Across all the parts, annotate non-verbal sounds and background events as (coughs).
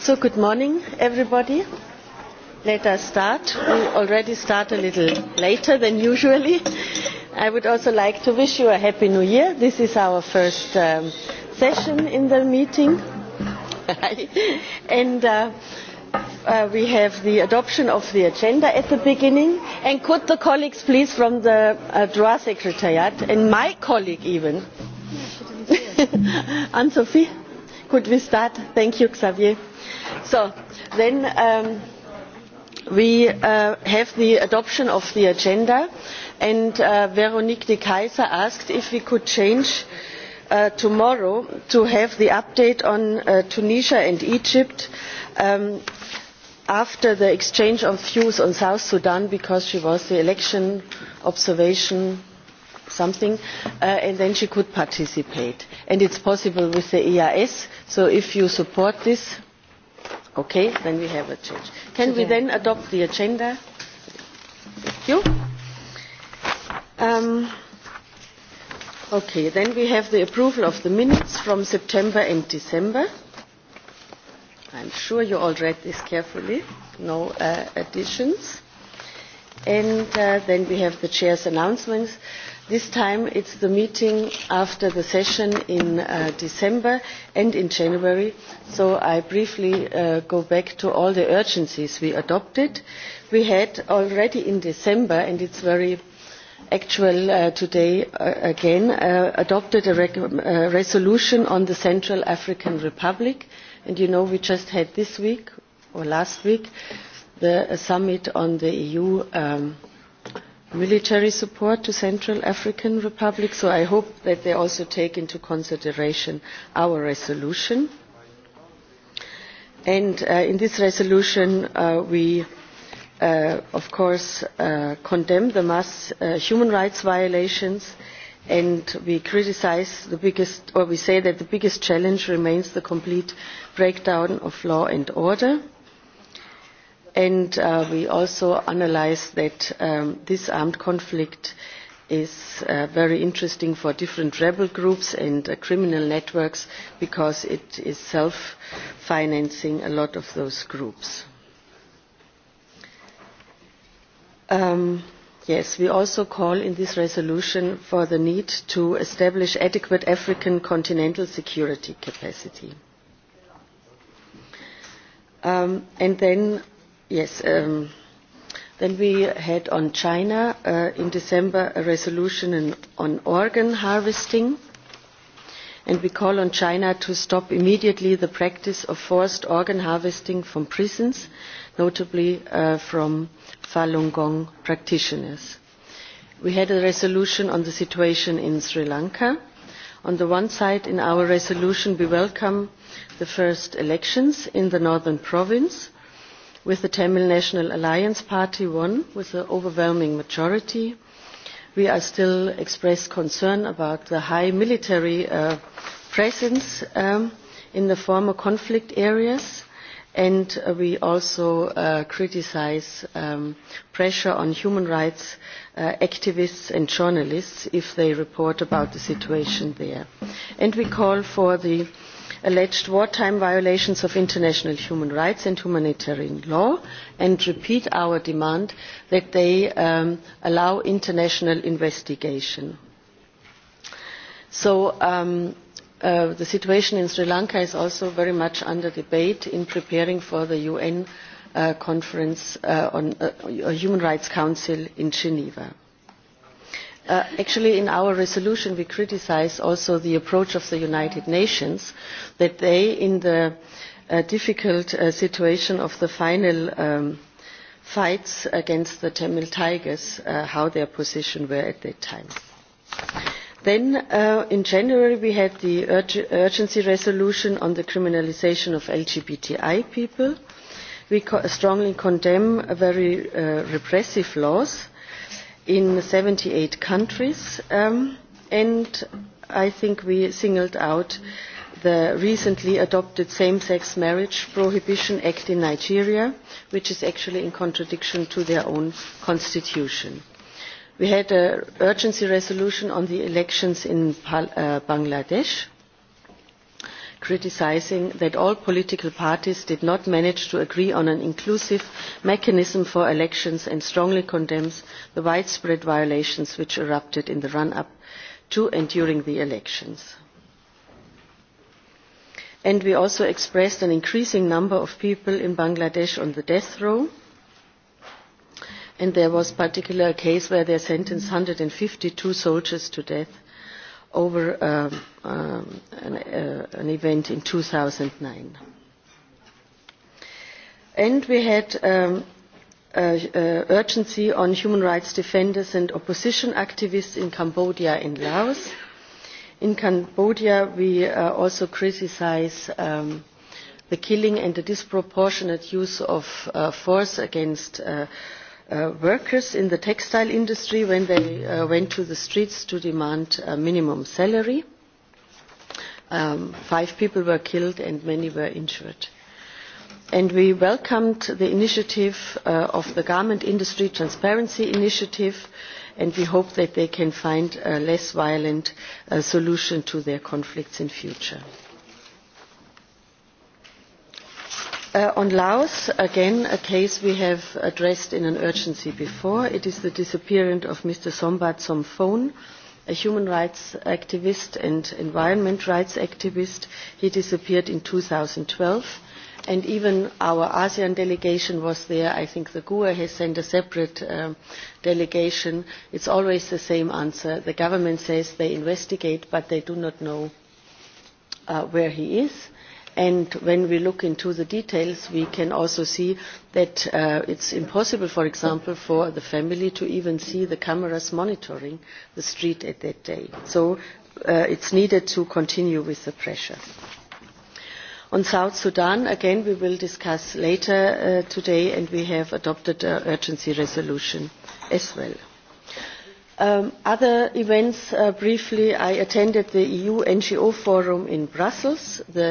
So good morning, everybody. Let us start. We already start a little later than usually. I would also like to wish you a happy new year. This is our first um, session in the meeting. (laughs) and uh, uh, we have the adoption of the agenda at the beginning. And could the colleagues please from the uh, draw Secretariat, and my colleague even, (laughs) Anne Sophie? Could we start? Thank you, Xavier. So then um, we uh, have the adoption of the agenda, and uh, Veronique de Kaiser asked if we could change uh, tomorrow to have the update on uh, Tunisia and Egypt um, after the exchange of views on South Sudan because she was the election observation something uh, and then she could participate and it's possible with the EIS so if you support this okay then we have a change can we then adopt the agenda thank you um, okay then we have the approval of the minutes from September and December I'm sure you all read this carefully no uh, additions and uh, then we have the chair's announcements this time it is the meeting after the session in uh, december and in january so i briefly uh, go back to all the urgencies we adopted. we had already in december and it is very actual uh, today again adopted a resolution on the central african republic and you know we just had this week or last week the summit on the eu um, military support to Central African Republic, so I hope that they also take into consideration our resolution. And uh, in this resolution, uh, we, uh, of course, uh, condemn the mass uh, human rights violations and we criticise the biggest, or we say that the biggest challenge remains the complete breakdown of law and order and uh, we also analyse that um, this armed conflict is uh, very interesting for different rebel groups and uh, criminal networks because it is self financing a lot of those groups. Um, yes, we also call in this resolution for the need to establish adequate African continental security capacity. Um, and then Yes. then um, we had on China uh, in December a resolution on organ harvesting. And we call on China to stop immediately the practice of forced organ harvesting from prisons, notably uh, from Falun Gong practitioners. We had a resolution on the situation in Sri Lanka. On the one side, in our resolution, we welcome the first elections in the northern province with the Tamil National Alliance Party won with an overwhelming majority. We are still express concern about the high military uh, presence um, in the former conflict areas and uh, we also uh, criticise um, pressure on human rights uh, activists and journalists if they report about the situation there. And we call for the alleged wartime violations of international human rights and humanitarian law and repeat our demand that they um, allow international investigation. So, um, uh, the situation in Sri Lanka is also very much under debate in preparing for the UN uh, conference uh, on uh, Human Rights Council in Geneva. Uh, actually in our resolution we criticise also the approach of the united nations that they in the uh, difficult uh, situation of the final um, fights against the tamil tigers how their position were at that time then in january we had the urgency resolution on the criminalisation of lgbti people we strongly condemn very repressive laws in 78 countries. Um, and I think we singled out the recently adopted same-sex marriage prohibition act in Nigeria, which is actually in contradiction to their own constitution. We had an urgency resolution on the elections in uh, Bangladesh criticising that all political parties did not manage to agree on an inclusive mechanism for elections and strongly condemns the widespread violations which erupted in the run up to and during the elections. And we also expressed an increasing number of people in bangladesh on the death row and there was a particular case where they sentenced one hundred and fifty two soldiers to death over um, um, an, uh, an event in 2009. And we had um, urgency on human rights defenders and opposition activists in Cambodia and Laos. In Cambodia, we uh, also criticize um, the killing and the disproportionate use of uh, force against uh, Uh, workers in the textile industry when they uh, went to the streets to demand a minimum salary. Um, five people were killed and many were injured. And we welcomed the initiative uh, of the Garment Industry Transparency Initiative and we hope that they can find a less violent uh, solution to their conflicts in future. Uh, on Laos, again, a case we have addressed in an urgency before. It is the disappearance of Mr. Sombat Somphone, a human rights activist and environment rights activist. He disappeared in two thousand and twelve and even our ASEAN delegation was there. I think the gue has sent a separate um, delegation it is always the same answer. The government says they investigate, but they do not know uh, where he is and when we look into the details we can also see that uh, it's impossible for example for the family to even see the cameras monitoring the street at that day so uh, it's needed to continue with the pressure on south sudan again we will discuss later uh, today and we have adopted an urgency resolution as well um, other events uh, briefly i attended the eu ngo forum in brussels the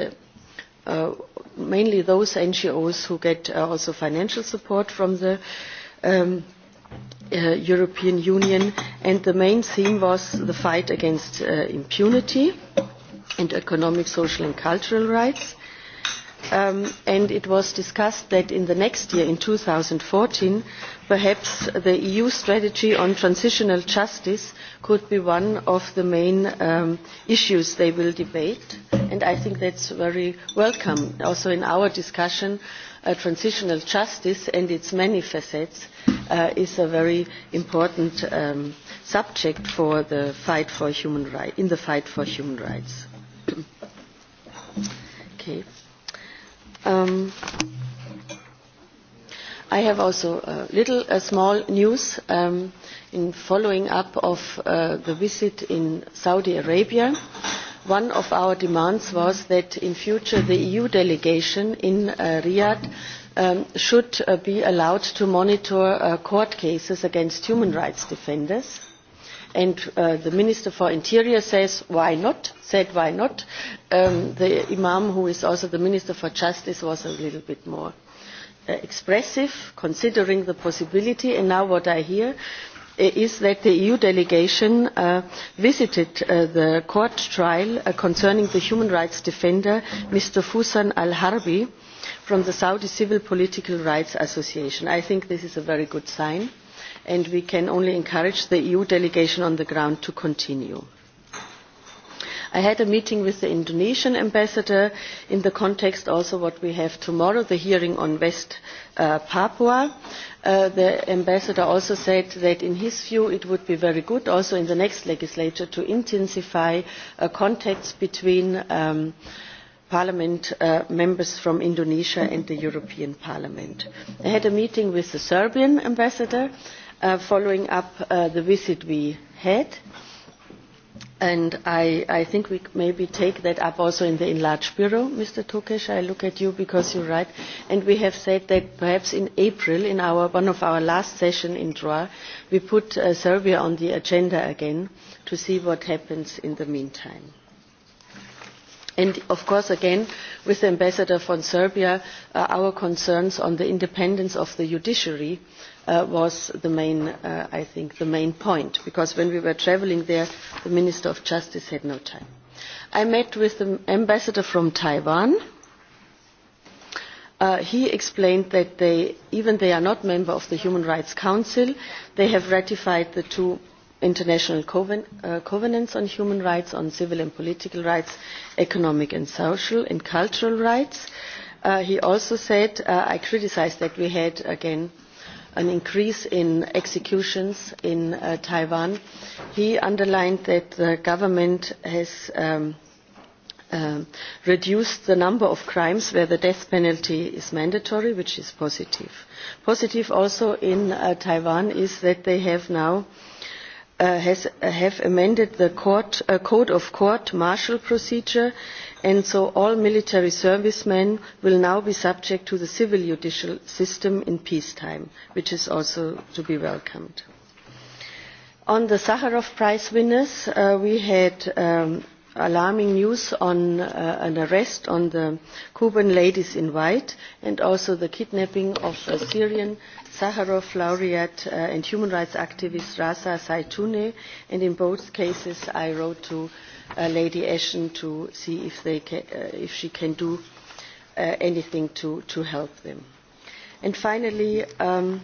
Uh, mainly those ngos who get uh, also financial support from the um, uh, european union and the main theme was the fight against impunity and economic social and cultural rights um, and it was discussed that in the next year in 2014 perhaps the eu strategy on transitional justice could be one of the main um, issues they will debate and I think that's very welcome. Also in our discussion, uh, transitional justice and its many facets uh, is a very important um, subject for the fight for human in the fight for human rights. (clears throat) okay. Um, I have also a little a small news um, in following up of uh, the visit in Saudi Arabia one of our demands was that in future the eu delegation in uh, riyadh um, should uh, be allowed to monitor uh, court cases against human rights defenders and the minister for interior says why not said why not um, the imam who is also the minister for justice was a little bit more expressive considering the possibility and now what i hear is that the eu delegation uh, visited uh, the court trial uh, concerning the human rights defender mr fusan al harbi from the saudi civil political rights association. i think this is a very good sign and we can only encourage the eu delegation on the ground to continue i had a meeting with the indonesian ambassador in the context also what we have tomorrow the hearing on west uh, papua uh, the ambassador also said that in his view it would be very good also in the next legislature to intensify uh, contacts between um, parliament members from indonesia and the european parliament. i had a meeting with the serbian ambassador following up the visit we had And I, I think we maybe take that up also in the enlarged bureau, Mr. Tokesh. I look at you because you're right. And we have said that perhaps in April, in our, one of our last session in DROA, we put uh, Serbia on the agenda again to see what happens in the meantime. And of course, again, with the ambassador from Serbia, uh, our concerns on the independence of the judiciary Uh, was the main, uh, I think, the main point, because when we were travelling there, the Minister of Justice had no time. I met with the ambassador from Taiwan. Uh, he explained that they, even they are not member of the Human Rights Council, they have ratified the two international coven uh, covenants on human rights, on civil and political rights, economic and social and cultural rights. Uh, he also said, uh, I criticized that we had, again, an increase in executions in uh, Taiwan. He underlined that the government has um, uh, reduced the number of crimes where the death penalty is mandatory, which is positive. Positive also in uh, Taiwan is that they have now uh, has, uh, have amended the court, uh, code of court martial procedure and so all military servicemen will now be subject to the civil judicial system in peacetime which is also to be welcomed. on the sakharov prize winners uh, we had um, alarming news on uh, an arrest on the Cuban ladies in white and also the kidnapping of a Syrian Sakharov laureate uh, and human rights activist Rasa zaitouneh And in both cases, I wrote to Uh, Lady Ashton to see if, they can, uh, if she can do uh, anything to, to help them. And finally, um,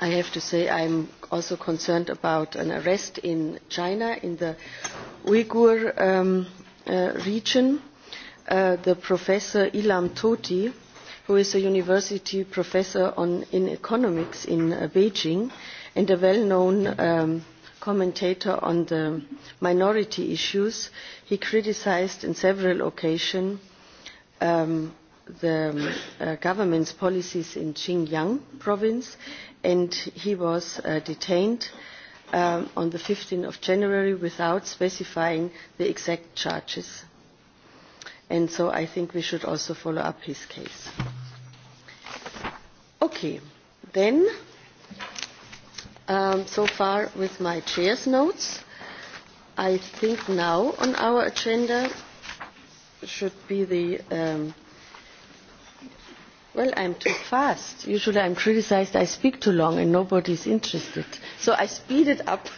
I have to say I'm also concerned about an arrest in China in the Uyghur um, uh, region. Uh, the professor Ilam Toti, who is a university professor on, in economics in uh, Beijing and a well-known um, commentator on the minority issues, he criticised on several occasions um, the um, uh, government's policies in Xinjiang province and he was uh, detained um, on the 15th of January without specifying the exact charges. And so I think we should also follow up his case. Okay, then um, so far with my chair's notes. I think now on our agenda should be the um, well i'm too fast usually i'm criticized i speak too long and nobody's interested so i speed it up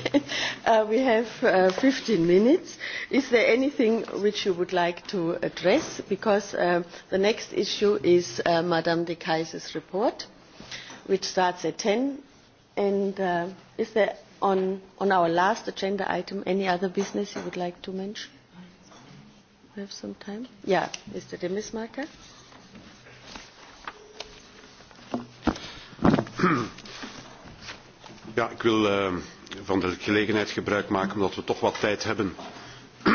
(laughs) uh, we have uh, 15 minutes is there anything which you would like to address because uh, the next issue is uh, madame de kaiser's report which starts at 10 And uh, is there on, on our last agenda item any other business you would like to mention? We have some time. Yeah, Mr. Demismarker. (clears throat) Ja, ik wil uh, van de gelegenheid gebruik maken omdat we toch wat tijd hebben. (clears throat)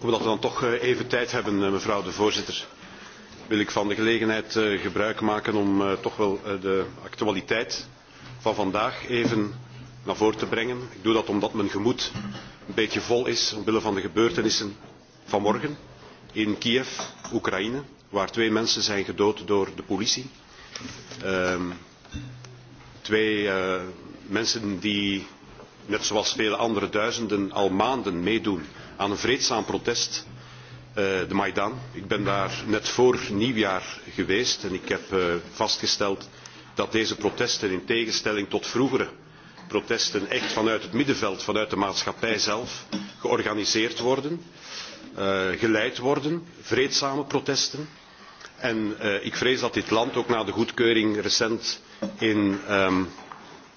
omdat we dan toch uh, even tijd hebben, uh, mevrouw de voorzitter wil ik van de gelegenheid eh, gebruik maken om toch wel de actualiteit van vandaag even naar voren te brengen. Ik doe dat omdat mijn gemoed een beetje vol is omwille van de gebeurtenissen van morgen in Kiev, Oekraïne, waar twee mensen zijn gedood door de politie. Uh, twee uh, mensen die, net zoals vele andere duizenden, al maanden meedoen aan een vreedzaam protest eh, de Maidan. Ik ben daar net voor nieuwjaar geweest en ik heb uh, vastgesteld dat deze protesten in tegenstelling tot vroegere protesten echt vanuit het middenveld, vanuit de maatschappij zelf georganiseerd worden, eh, geleid worden, vreedzame protesten. En eh, ik vrees dat dit land ook na de goedkeuring recent in, ehm,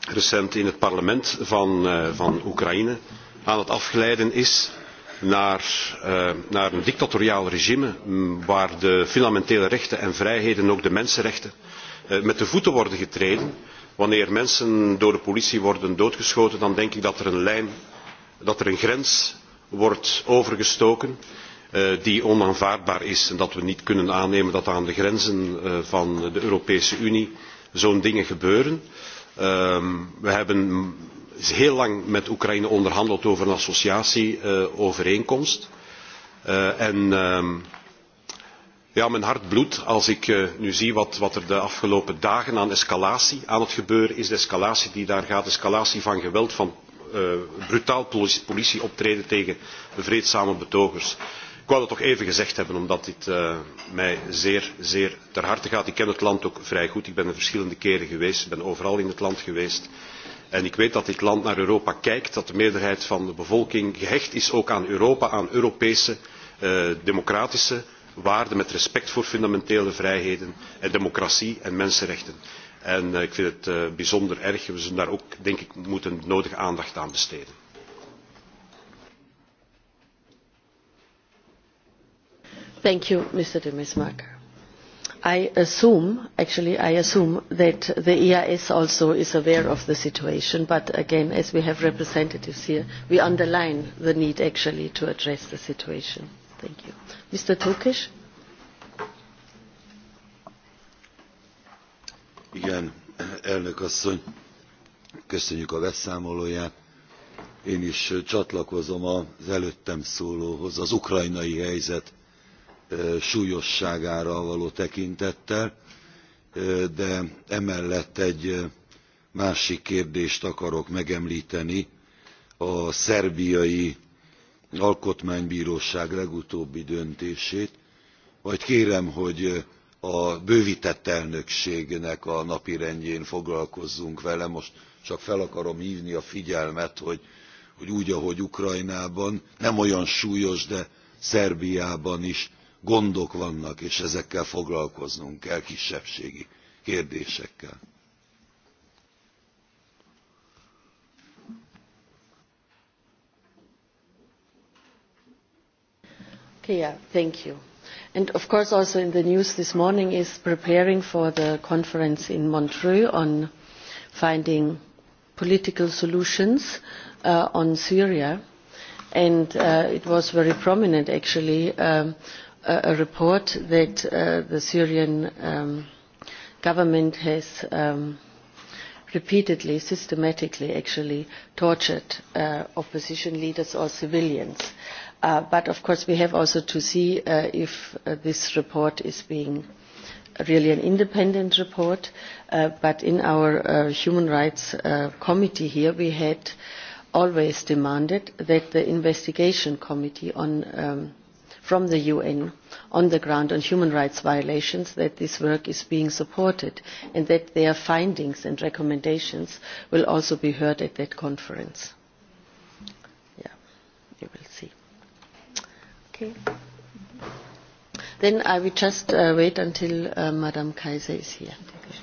recent in het parlement van, eh, van Oekraïne aan het afglijden is naar, uh, naar een dictatoriaal regime waar de fundamentele rechten en vrijheden, ook de mensenrechten, Eh, met de voeten worden getreden. Wanneer mensen door de politie worden doodgeschoten, dan denk ik dat er een lijn, dat er een grens wordt overgestoken eh, die onaanvaardbaar is en dat we niet kunnen aannemen dat aan de grenzen eh, van de Europese Unie zo'n dingen gebeuren. Ehm, we hebben heel lang met Oekraïne onderhandeld over een associatieovereenkomst. en uh, Ja, mijn hart bloedt als ik uh, nu zie wat, wat er de afgelopen dagen aan escalatie aan het gebeuren is. De escalatie die daar gaat, escalatie van geweld, van uh, brutaal politieoptreden tegen vreedzame betogers. Ik wou dat toch even gezegd hebben, omdat dit uh, mij zeer, zeer ter harte gaat. Ik ken het land ook vrij goed. Ik ben er verschillende keren geweest. Ik ben overal in het land geweest. En ik weet dat dit land naar Europa kijkt, dat de meerderheid van de bevolking gehecht is ook aan Europa, aan Europese, uh, democratische waarden met respect voor fundamentele vrijheden en democratie en mensenrechten. En eh, ik vind het uh, bijzonder erg. We zullen daar ook, denk ik, moeten nodige aandacht aan besteden. Thank you, Mr. de Mismaker. I assume, actually, I assume that the EIS also is aware of the situation, but again, as we have representatives here, we underline the need actually to address the situation. Thank you. Mr. Tokes? Igen, elnök asszony, köszönjük a beszámolóját. Én is csatlakozom az előttem szólóhoz az ukrajnai helyzet súlyosságára való tekintettel, de emellett egy másik kérdést akarok megemlíteni, a szerbiai alkotmánybróság legutóbbi döntését majd kérem hogy a bővtett elnökségnek a napirendjén foglalkozzunk vele most csak fel akarom hvni a figyelmet hogy, hogy úgy ahogy ukrajnában nem olyan súlyos de szerbiában is gondok vannak és ezekkel foglalkoznunk kell kisebbségi kérdésekkel. Clear, thank you. And of course also in the news this morning is preparing for the conference in Montreux on finding political solutions uh, on Syria. And uh, it was very prominent actually um, a, a report that uh, the Syrian um, government has um, repeatedly, systematically actually tortured uh, opposition leaders or civilians Uh, but of course we have also to see uh, if uh, this report is being really an independent report uh, but in our uh, human rights committee here we had always demanded that the investigation committee on, um, from the UN on the ground on human rights violations that this work is being supported and that their findings and recommendations will also be heard at that conference. Yeah, you will see. Okay. Then I will just uh, wait until uh, Madame Kaiser is here. Okay.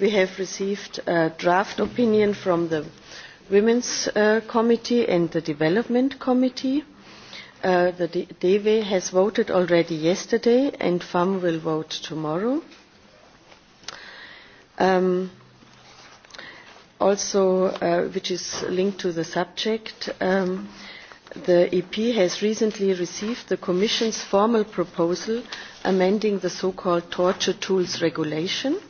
we have received a draft opinion from the Women's uh, Committee and the Development Committee. Uh, the Deve has voted already yesterday and FAM will vote tomorrow. Um, also, uh, which is linked to the subject, um, the ep has recently received the commission's formal proposal amending the so called torture tools regulation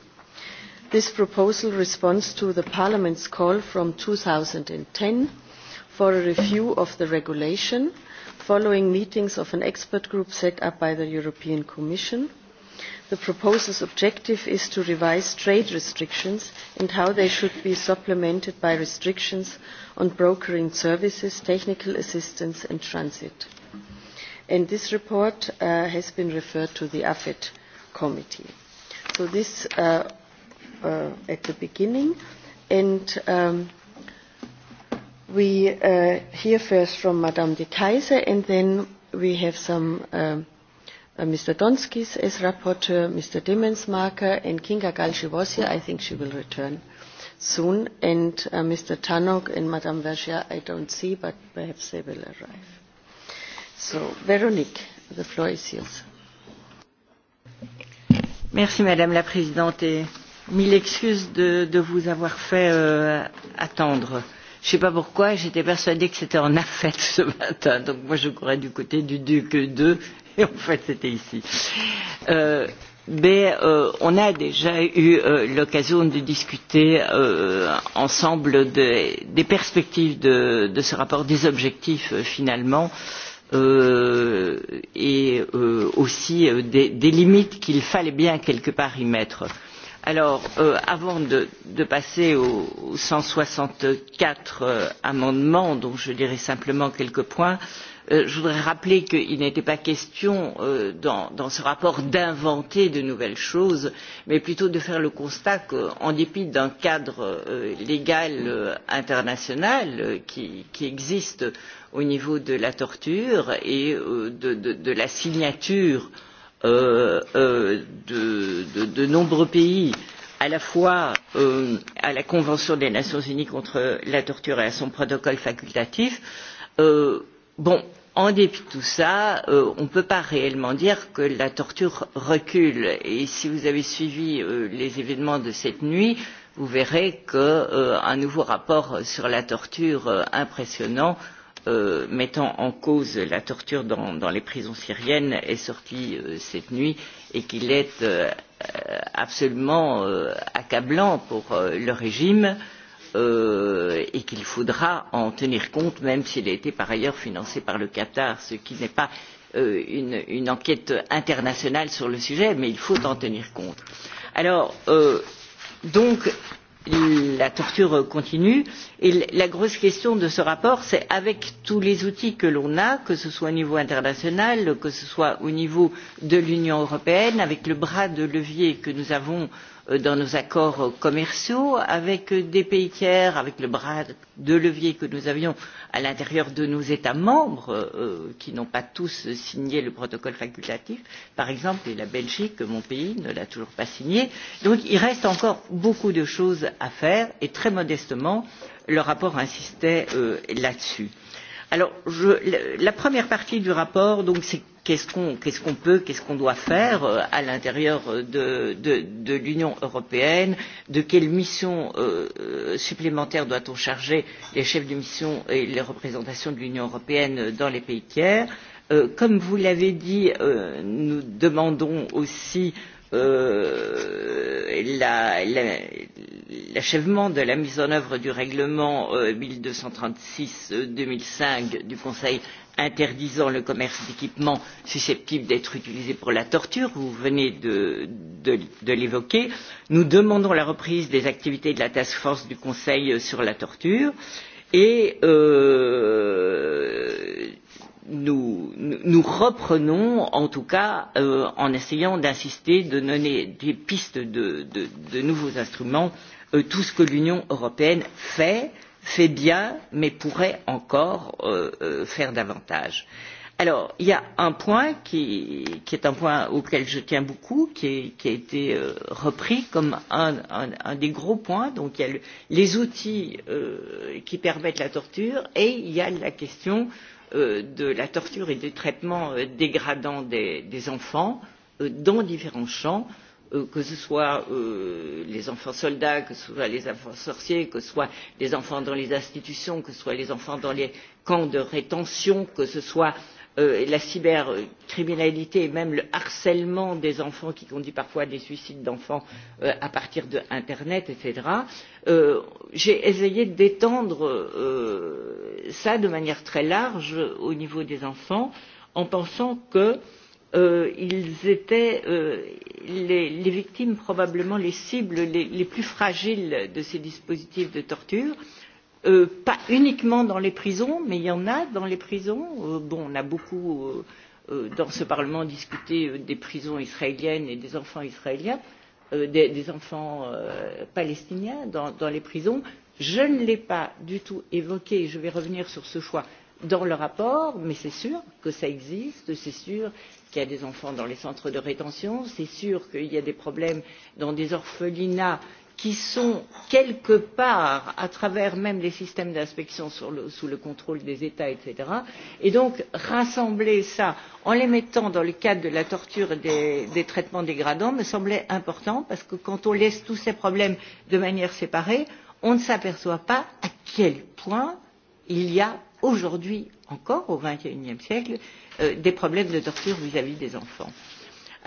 This proposal responds to the Parliament's call from 2010 for a review of the regulation following meetings of an expert group set up by the European Commission. The proposal's objective is to revise trade restrictions and how they should be supplemented by restrictions on brokering services, technical assistance and transit. And this report uh, has been referred to the AFET committee. So this affairs. Uh, uh, at the beginning. And um, we uh, hear first from Madame de Kaiser, and then we have some um, uh, Mr. Donskis as rapporteur, Mr. Demensmarker, and Kinga Gal. was here. I think she will return soon. And uh, Mr. Tanok and Madame Vergia, I don't see, but perhaps they will arrive. So, Veronique, the floor is yours. Merci, Madame la Présidente. Et mille excuses de, de vous avoir fait euh, attendre. Je ne sais pas pourquoi, j'étais persuadée que c'était en affaire ce matin, donc moi je courais du côté du Duc 2 et en fait c'était ici. Euh, mais euh, on a déjà eu euh, l'occasion de discuter euh, ensemble de, des perspectives de, de ce rapport, des objectifs euh, finalement. Euh, et euh, aussi euh, des, des limites qu'il fallait bien quelque part y mettre. Euh, Alors, euh, avant de, de passer aux cent soixante quatre euh, amendements dont je dirai simplement quelques points euh, je voudrais rappeler qu'il n'était pas question euh, dans, dans ce rapport d'inventer de nouvelles choses mais plutôt de faire le constat qu'en dépit d'un cadre euh, légal euh, international qui, qui existe au niveau de la torture et de, de, de la signature de euh, euh, de, de, de nombreux pays à la fois euh, à la Convention des Nations Unies contre la torture et à son protocole facultatif, euh, bon, en dépit de tout cela euh, on ne peut pas réellement dire que la torture recule et si vous avez suivi euh, les événements de cette nuit vous verrez qu'un euh, nouveau rapport sur la torture euh, impressionnant Euh, mettant en cause la torture dans, dans les prisons syriennes est sorti euh, cette nuit et qu'il est euh, euh, absolument euh, accablant pour euh, le régime euh, et qu'il faudra en tenir compte même s'il a été par ailleurs financé par le Qatar, ce qui n'est pas euh, une, une enquête internationale sur le sujet, mais il faut en tenir compte. Alors, euh, donc, la torture continue et la grosse question de ce rapport c'est avec tous les outils que l'on a que ce soit au niveau international que ce soit au niveau de l'union européenne avec le bras de levier que nous avons euh, dans nos accords commerciaux avec des pays tiers avec le bras de levier que nous avions à l'intérieur de nos états membres euh, qui n'ont pas tous signé le protocole facultatif par exemple et la belgique mon pays ne l'a toujours pas signé. donc il reste encore beaucoup de choses à faire et très modestement le rapport insistait euh, là dessus. la première partie du rapport c'est qu'est-ce qu'on qu qu peut, qu'est-ce qu'on doit faire euh, à l'intérieur de, de, de l'Union européenne, de quelles missions euh, euh supplémentaires doit-on charger les chefs de mission et les représentations de l'Union européenne dans les pays tiers. Euh, comme vous l'avez dit, euh, nous demandons aussi euh, l'achèvement euh, la, la, de la mise en œuvre du règlement euh, mille deux cent trente six euh, deux mille cinq du conseil interdisant le commerce d'équipements susceptibles d'être utilisés pour la torture vous venez de, de, de l'évoquer nous demandons la reprise des activités de la task force du conseil sur la torture et euh, nous, nous reprenons, en tout cas euh, en essayant d'insister, de donner des pistes de, de, de nouveaux instruments, euh, tout ce que l'Union européenne fait, fait bien, mais pourrait encore euh, euh, faire davantage. Alors, il y a un point qui, qui est un point auquel je tiens beaucoup, qui, est, qui a été euh, repris comme un, un, un des gros points. Donc, il y a le, les outils euh, qui permettent la torture et il y a la question euh, Euh, de la torture et des traitements euh, dégradants des, enfants euh, dans différents champs que ce soit les enfants soldats que ce soit les enfants sorciers que ce soit les enfants dans les institutions que ce soit les enfants dans les camps de rétention que ce soit Euh, la cybercriminalité et même le harcèlement des enfants qui conduit parfois à des suicides d'enfants euh, à partir de l'internet etc. Euh, j'ai essayé d'étendre cela de manière très large au niveau des enfants en pensant que euh, ils étaient euh, les, les victimes probablement les cibles les, les plus fragiles de ces dispositifs de torture. Euh, Euh, pas uniquement dans les prisons, mais il y en a dans les prisons. Euh, bon, on a beaucoup euh, euh dans ce Parlement discuté euh, des prisons israéliennes et des enfants israéliens, des, des, enfants palestiniens dans, dans, les prisons. Je ne l'ai pas du tout évoqué, je vais revenir sur ce choix dans le rapport, mais c'est sûr que ça existe, c'est sûr qu'il y a des enfants dans les centres de rétention, c'est sûr qu'il y a des problèmes dans des orphelinats qui sont quelque part à travers même les systèmes d'inspection le, sous le contrôle des états etc. et donc rassembler cela en les mettant dans le cadre de la torture et des, des traitements dégradants me semblait important parce que quand on laisse tous ces problèmes de manière séparée on ne s'aperçoit pas à quel point il y a aujourd'hui encore au XXIe siècle euh, des problèmes de torture vis à vis des enfants.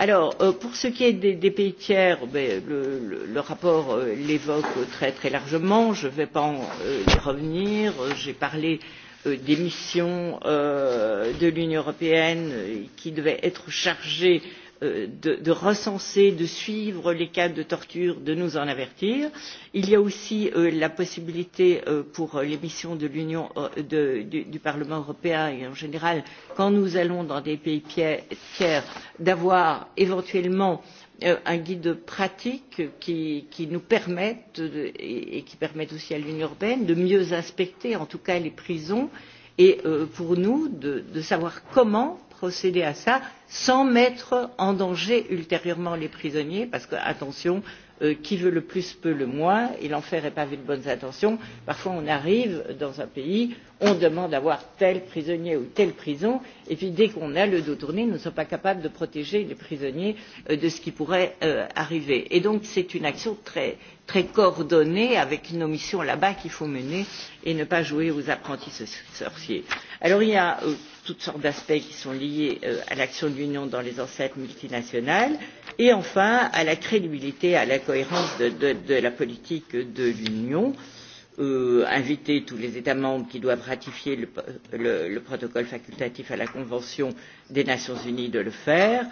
Alors, euh, pour ce qui est des, pays tiers, le, rapport euh, l'évoque très très largement. Je ne vais pas euh, y revenir. J'ai parlé des missions de l'Union européenne qui devaient être chargées euh, Euh, de, recenser de suivre les cas de torture de nous en avertir. il y a aussi euh, la possibilité euh, pour les missions de de, du, parlement européen et en général quand nous allons dans des pays tiers d'avoir éventuellement un guide pratique qui, nous permette et, qui permette aussi à l'union européenne de mieux inspecter en tout cas les prisons et pour nous de savoir comment procéder à cela sans mettre en danger ultérieurement les prisonniers parce que attention euh, qui veut le plus peut le moins et l'enfer est pavé de bonnes intentions. parfois on arrive dans un pays on demande à voir tel prisonnier ou telle prison et puis dès qu'on a le dos tourné nous ne sommes pas capables de protéger les prisonniers euh, de ce qui pourrait euh, arriver. c'est donc une action très, très coordonnée avec nos missions là bas qu'il faut mener et ne pas jouer aux apprentis sorciers. alors il y a toutes sortes d'aspects qui sont liés euh, à l'action de l'union dans les enceintes multinationales et enfin à la crédibilité et à la cohérence de, de, de la politique de l'union euh, inviter tous les états membres qui doivent ratifier le, le, le protocole facultatif à la convention des nations unies de le faire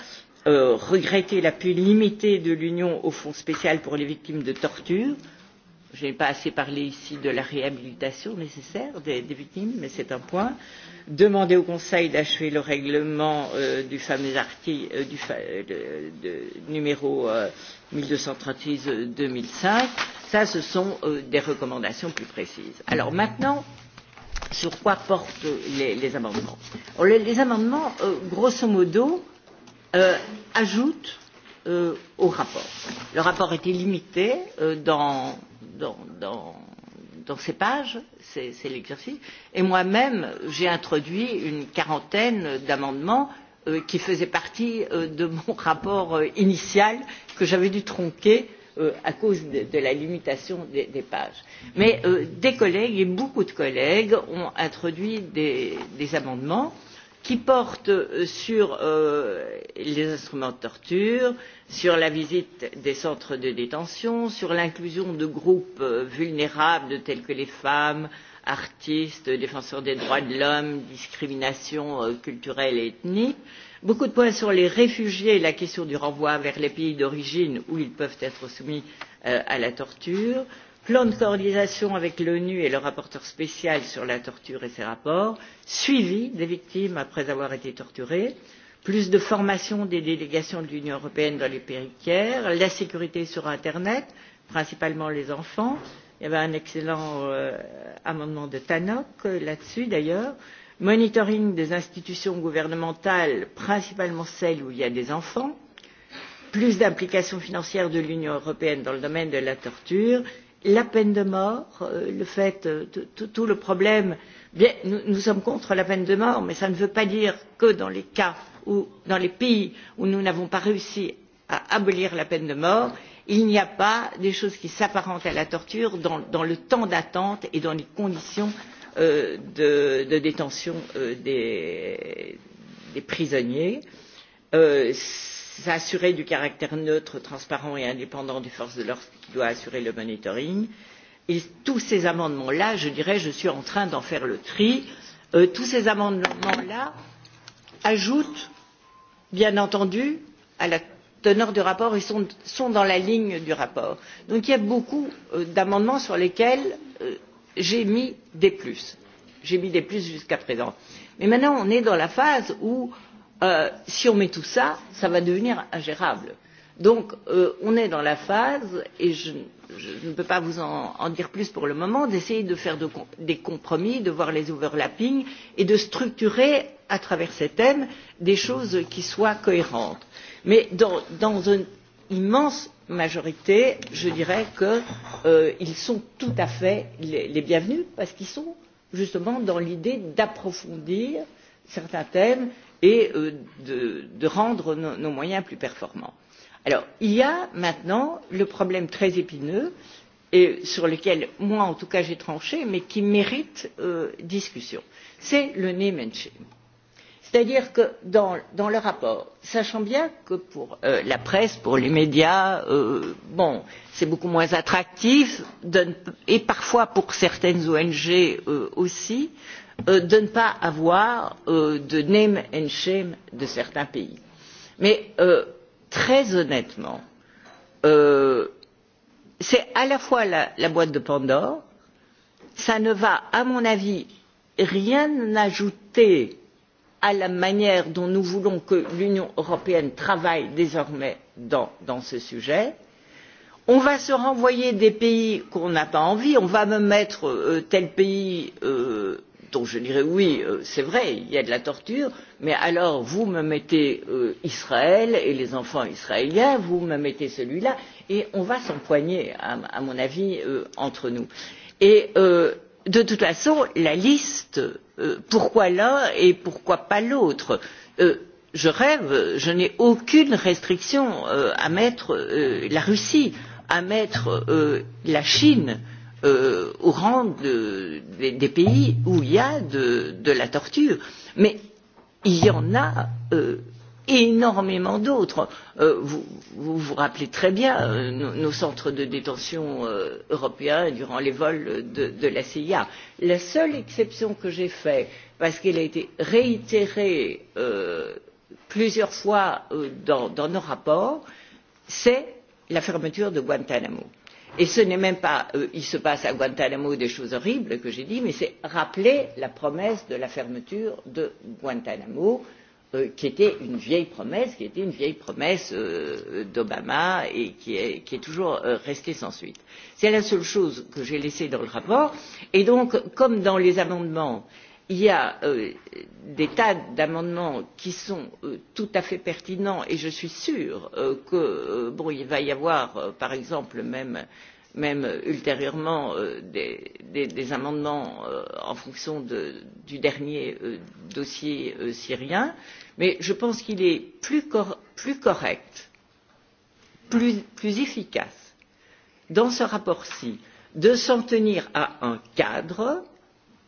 euh, regretter l'appui limité de l'union au fonds spécial pour les victimes de tortures je n'ai pas assez parlé ici de la réhabilitation nécessaire des, victimes mais c'est un point demander au conseil d'achever le règlement euh, du fameux article euh, du fa, euh, de, de, numéro euh, mille deux cent trente six euh, deux mille cinq ça ce sont euh, des recommandations plus précises. alors maintenant sur quoi portent les, les amendements les, les amendements grosso modo ajoutent au rapport. le rapport était limité dans dans, dans, dans ces pages, c'est l'exercice, et moi-même, j'ai introduit une quarantaine d'amendements euh, qui faisaient partie euh, de mon rapport euh, initial que j'avais dû tronquer euh, à cause de, de la limitation des, des pages. Mais euh, des collègues et beaucoup de collègues ont introduit des, des amendements euh, qui porte euh, sur euh, les instruments de torture sur la visite des centres de détention sur l'inclusion de groupes euh, vulnérables tels que les femmes artistes défenseurs des droits de l'homme discrimination euh, culturelle et ethnique beaucoup de points sur les réfugiés et la question du renvoi vers les pays d'origine où ils peuvent être soumis à la torture et plan de coordination avec l'onu et le rapporteur spécial sur la torture et ses rapports suivi des victimes après avoir été torturées plus de formation des délégations de l'union européenne dans les pays tiers la sécurité sur internet principalement les enfants il y avait un excellent euh, amendement de tannock euh, là dessus d'ailleurs monitoring des institutions gouvernementales principalement celles où il y a des enfants plus d'implication financière de l'union européenne dans le domaine de la torture et la peine de mort, euh, le fait, euh, tout, le problème, bien, nous, nous sommes contre la peine de mort, mais ça ne veut pas dire que dans les cas ou dans les pays où nous n'avons pas réussi à abolir la peine de mort, il n'y a pas des choses qui s'apparentent à la torture dans, dans le temps d'attente et dans les conditions euh, de, de détention euh, des, des prisonniers. Euh, s'assurer du caractère neutre transparent et indépendant des forces de l'ordre qui doit assurer le monitoring et tous ces amendements là je dirais je suis en train d'en faire le tri euh, tous ces amendements là ajoutent bien entendu à la teneur du rapport et sont, sont dans la ligne du rapport. donc il y a beaucoup euh, d'amendements sur lesquels euh, j'ai mis des plus j'ai mis des plus jusqu'à présent. mais maintenant on est dans la phase où euh, Euh, si on met tout ça ça va devenir ingérable. donc euh, on est dans la phase et je, je ne peux pas vous en, en dire plus pour le moment d'essayer de faire de, des compromis de voir les overlappings et de structurer à travers ces thèmes des choses qui soient cohérentes. mais dans, dans une immense majorité je dirais qu'ils euh, sont tout à fait les, les bienvenus parce qu'ils sont justement dans l'idée d'approfondir euh, certains thèmes et euh, de, de rendre nos, nos moyens plus performants. Alors, il y a maintenant le problème très épineux et sur lequel moi en tout cas j'ai tranché mais qui mérite euh, discussion c'est le name and shame. c'est à dire que dans, dans le rapport sachant bien que pour euh, la presse pour les médias euh, bon, c'est beaucoup moins attractif donne, et parfois pour certaines ong euh, aussi Euh, de ne pas avoir euh, de name and shame de certains pays. mais euh, très honnêtement c'est à la fois la, boîte de pandore ça ne va à mon avis rien ajouter à la manière dont nous voulons que l'union européenne travaille désormais dans, ce sujet on va se renvoyer des pays qu'on n'a pas envie on va me mettre tel pays dont je dirais oui euh, c'est vrai il y a de la torture mais alors vous me mettez euh, israël et les enfants israéliens vous me mettez celui là et on va s'empoigner à, mon avis euh, entre nous. de toute façon la liste pourquoi l'un et pourquoi pas l'autre? je rêve je n'ai aucune restriction à mettre la russie à mettre la chine euh, au rang de, des, des pays où il y a de, de la torture. Mais il y en a euh, énormément d'autres. Euh, vous, vous vous rappelez très bien euh, nos, nos centres de détention euh, européens durant les vols de, de la CIA. La seule exception que j'ai faite, parce qu'elle a été réitérée euh, plusieurs fois euh, dans, dans nos rapports, c'est la fermeture de Guantanamo. Euh, et ce n'est même pas euh, il se passe à guantnamo des choses horribles que j'ai dit mais c'est rappeler la promesse de la fermeture de guantnamo euh, qui était une vieille promesse qui était une vieille promesse euh, d'obama et qui est, qui est toujours euh, restée sans suite. c'est la seule chose que j'ai laissée dans le rapport et donc comme dans les amendements euh, il y a euh, des tas d'amendements qui sont euh, tout à fait pertinents et je suis sûre euh, qu'il va y avoir par exemple même, ultérieurement des, amendements en fonction du dernier dossier syrien mais je pense qu'il est plus, correct plus, plus efficace dans ce rapport ci de s'en tenir à un cadre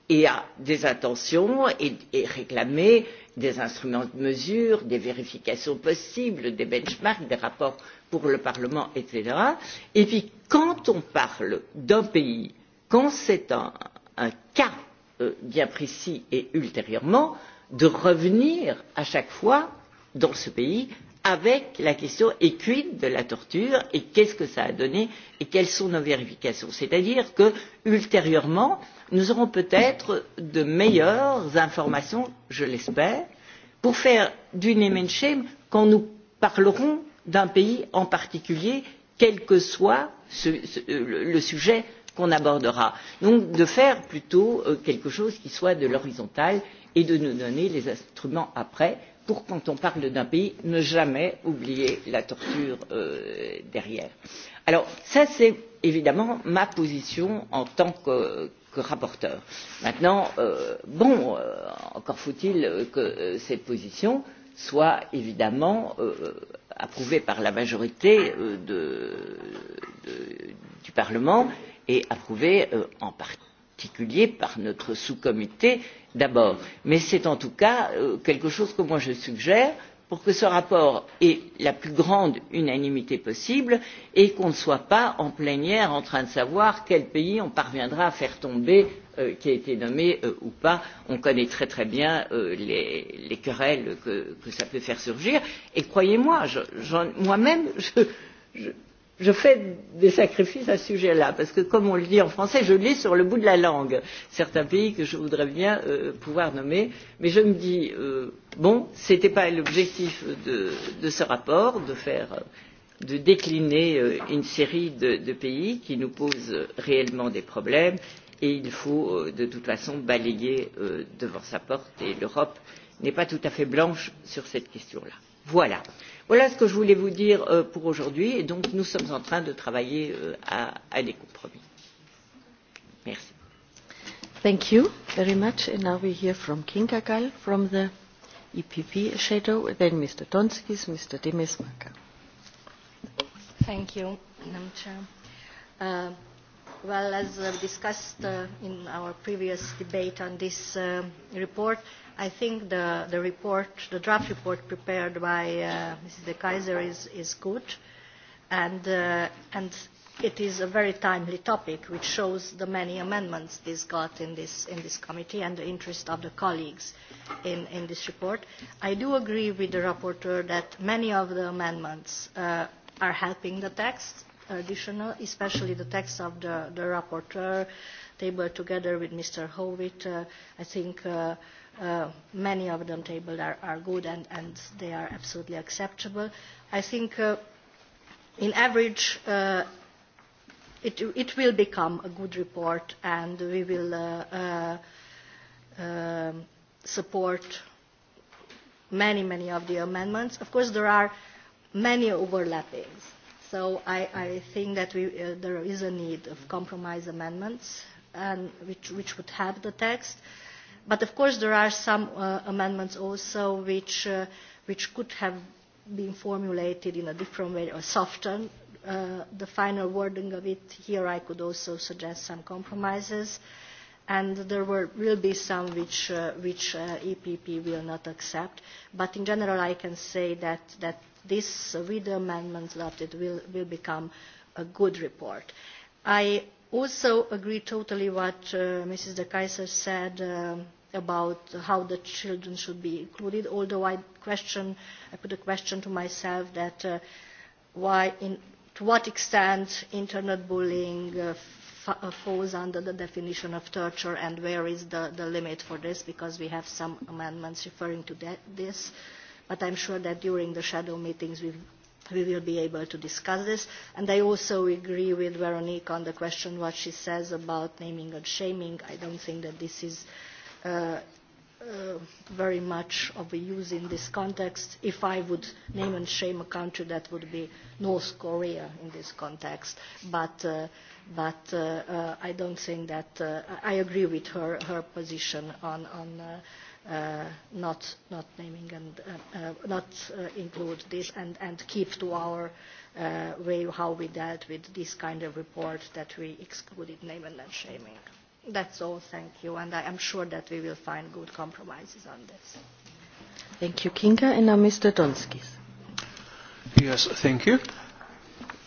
et à des intentions et, et réclamer des instruments de mesure, des vérifications possibles, des benchmarks, des rapports pour le Parlement, etc. Et puis, quand on parle d'un pays, quand c'est un, un cas euh, bien précis et ultérieurement, de revenir à chaque fois dans ce pays avec la question et quid de la torture et qu'est ce que cela a donné et quelles sont nos vérifications c'est à dire que ultérieurement nous aurons peut être de meilleures informations je l'espère pour faire du name and shame quand nous parlerons d'un pays en particulier quel que soit ce, ce, le, le sujet qu'on abordera donc de faire plutôt euh, quelque chose qui soit de l'horizontal et de nous donner les instruments après pour quand on parle d'un pays ne jamais oublier la torture euh, derrière. alors ça c'est évidemment ma position en tant que, rapporteure. rapporteur. maintenant euh, bon euh, encore faut il que cette position soit évidemment approuvée par la majorité du parlement et approuvée en partie particulier par notre sous comité d'abord mais c'est en tout cas euh, quelque chose que je suggère pour que ce rapport ait la plus grande unanimité possible et qu'on ne soit pas en plénière en train de savoir quel pays on parviendra à faire tomber euh, qui a été nommé euh, ou pas. On connaît très très bien les, les querelles que, que ça peut faire surgir et croyez-moi, moi-même, je, je fais des sacrifices à ce sujet là parce que comme on le dit en français je lis sur le bout de la langue certains pays que je voudrais bien euh, pouvoir nommer mais je me dis euh, bon ce n'était pas l'objectif de, de ce rapport de faire de décliner euh, une série de, de pays qui nous posent réellement des problèmes et il faut euh, de toute façon balayer euh, devant sa porte et l'Europe n'est pas tout à fait blanche sur cette question là. Voilà voilà ce que je voulais vous dire euh, pour aujourd'hui et donc nous sommes en train de travailler euh, à, des compromis. merci. well as uh, discussed uh, in our previous debate on this uh, report uh, I think the, the report, the draft report prepared by uh, Mrs. De Kaiser is, is good, and, uh, and it is a very timely topic, which shows the many amendments this got in this, in this committee and the interest of the colleagues in, in this report. I do agree with the rapporteur that many of the amendments uh, are helping the text, additional, especially the text of the, the rapporteur, tabled together with Mr. Howitt. Uh, I think. Uh, Uh, many of them tabled are, are good and, and they are absolutely acceptable. I think uh, in average uh, it, it will become a good report and we will uh, uh, uh, support many, many of the amendments. Of course, there are many overlappings. So I, I think that we, uh, there is a need of compromise amendments and which, which would help the text. Uh, But of course there are some uh, amendments also which, uh, which could have been formulated in a different way or softened uh, the final wording of it. Here I could also suggest some compromises. And there will be some which, uh, which uh, EPP will not accept. But in general, I can say that, that this, uh, with the amendments adopted, will, will become a good report. I also agree totally what uh, Mrs. De Keyser said uh, about how the children should be included, although I, question, I put a question to myself that uh, why in, to what extent internet bullying uh, uh, falls under the definition of torture and where is the, the limit for this because we have some amendments referring to that, this but I'm sure that during the shadow meetings we we will be able to discuss this. And I also agree with Veronique on the question what she says about naming and shaming. I don't think that this is uh, uh, very much of a use in this context. If I would name and shame a country, that would be North Korea in this context. But, uh, but uh, uh, I don't think that uh, I agree with her, her position on, on uh, Uh, not not naming and uh, uh, not uh, include this and and keep to our uh, way how we dealt with this kind of report that we excluded name and shaming. That's all. Thank you, and I am sure that we will find good compromises on this. Thank you, Kinga, and now Mr. Donskis. Yes, thank you.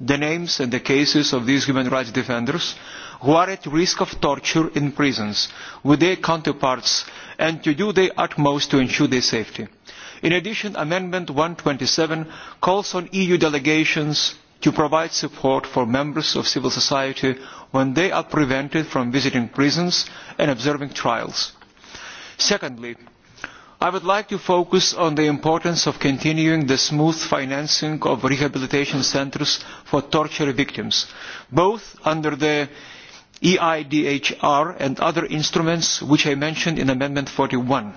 the names and the cases of these human rights defenders who are at risk of torture in prisons with their counterparts and to do their utmost to ensure their safety. In addition, Amendment 127 calls on EU delegations to provide support for members of civil society when they are prevented from visiting prisons and observing trials. Secondly, I would like to focus on the importance of continuing the smooth financing of rehabilitation centres for torture victims, both under the EIDHR and other instruments which I mentioned in Amendment 41.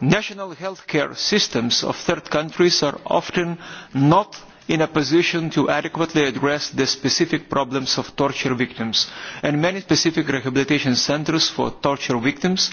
National healthcare systems of third countries are often not in a position to adequately address the specific problems of torture victims, and many specific rehabilitation centres for torture victims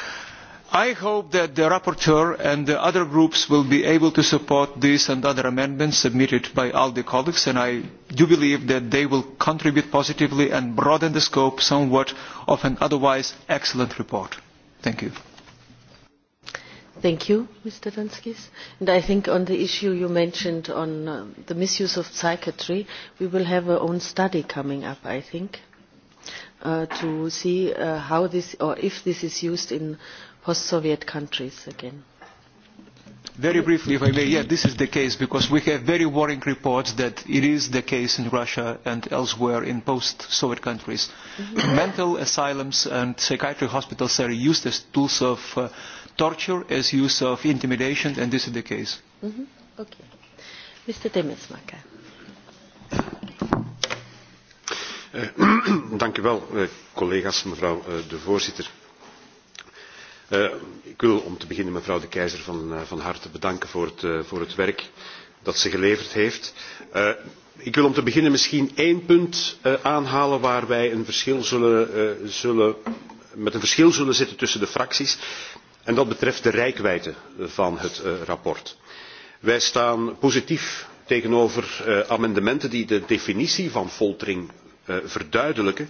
i hope that the rapporteur and the other groups will be able to support these and other amendments submitted by alde colleagues and i do believe that they will contribute positively and broaden the scope somewhat of an otherwise excellent report. thank you. thank you mr donskis and i think on the issue you mentioned on uh, the misuse of psychiatry we will have our own study coming up i think uh, to see uh, how this or if this is used in post-Soviet countries again. Very briefly, if I may, yeah, this is the case because we have very worrying reports that it is the case in Russia and elsewhere in post-Soviet countries. Mm-hmm. Mental asylums and psychiatric hospitals are used as tools of uh, torture, as use of intimidation, and this is the case. Mm -hmm. Okay. Mr. Demetsmaker. Eh, (clears throat) dank u wel, eh, collega's, mevrouw eh, de voorzitter Eh, ik wil om te beginnen mevrouw de Keizer van, eh, van harte bedanken voor het, eh, voor het werk dat ze geleverd heeft. ik wil om te beginnen misschien één punt aanhalen waar wij een verschil zullen, zullen, met een verschil zullen zitten tussen de fracties. En dat betreft de reikwijdte van het uh, rapport. Wij staan positief tegenover amendementen die de definitie van foltering verduidelijken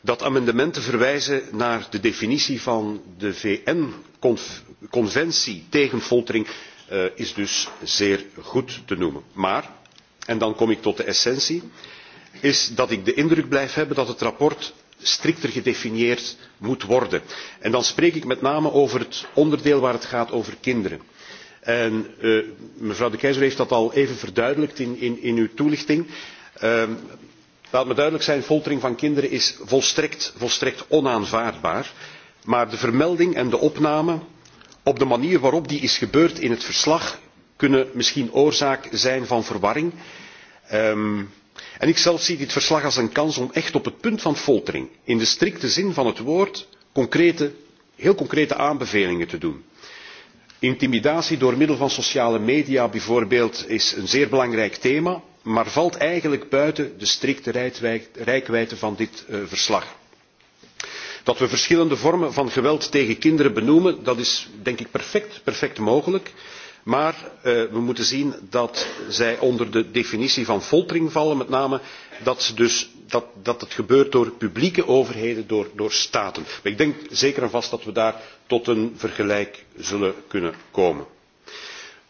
dat amendement te verwijzen naar de definitie van de vn conventie tegen foltering eh, is dus zeer goed te noemen. maar en dan kom ik tot de essentie is dat ik de indruk blijf hebben dat het verslag strikter gedefinieerd moet worden. en dan spreek ik met name over het onderdeel waar het gaat over kinderen. Eh, mevrouw de keyser heeft dat al even verduidelijkt in, in, uw toelichting. Ehm, laat me duidelijk zijn foltering van kinderen is volstrekt, volstrekt onaanvaardbaar maar de vermelding en de opname op de manier waarop die is gebeurd in het verslag kunnen misschien oorzaak zijn van verwarring. Um, en ikzelf zie dit verslag als een kans om echt op het punt van foltering in de strikte zin van het woord concrete, heel concrete aanbevelingen te doen. Intimidatie door middel van sociale media bijvoorbeeld is een zeer belangrijk thema maar valt eigenlijk buiten de strikte reikwijdte van dit eh, verslag. Dat we verschillende vormen van geweld tegen kinderen benoemen, dat is denk ik perfect, mogelijk. Maar eh, we moeten zien dat zij onder de definitie van foltering vallen, met name dat, het gebeurt door publieke overheden, door, staten. ik denk zeker en vast dat we daar tot een vergelijk zullen kunnen komen.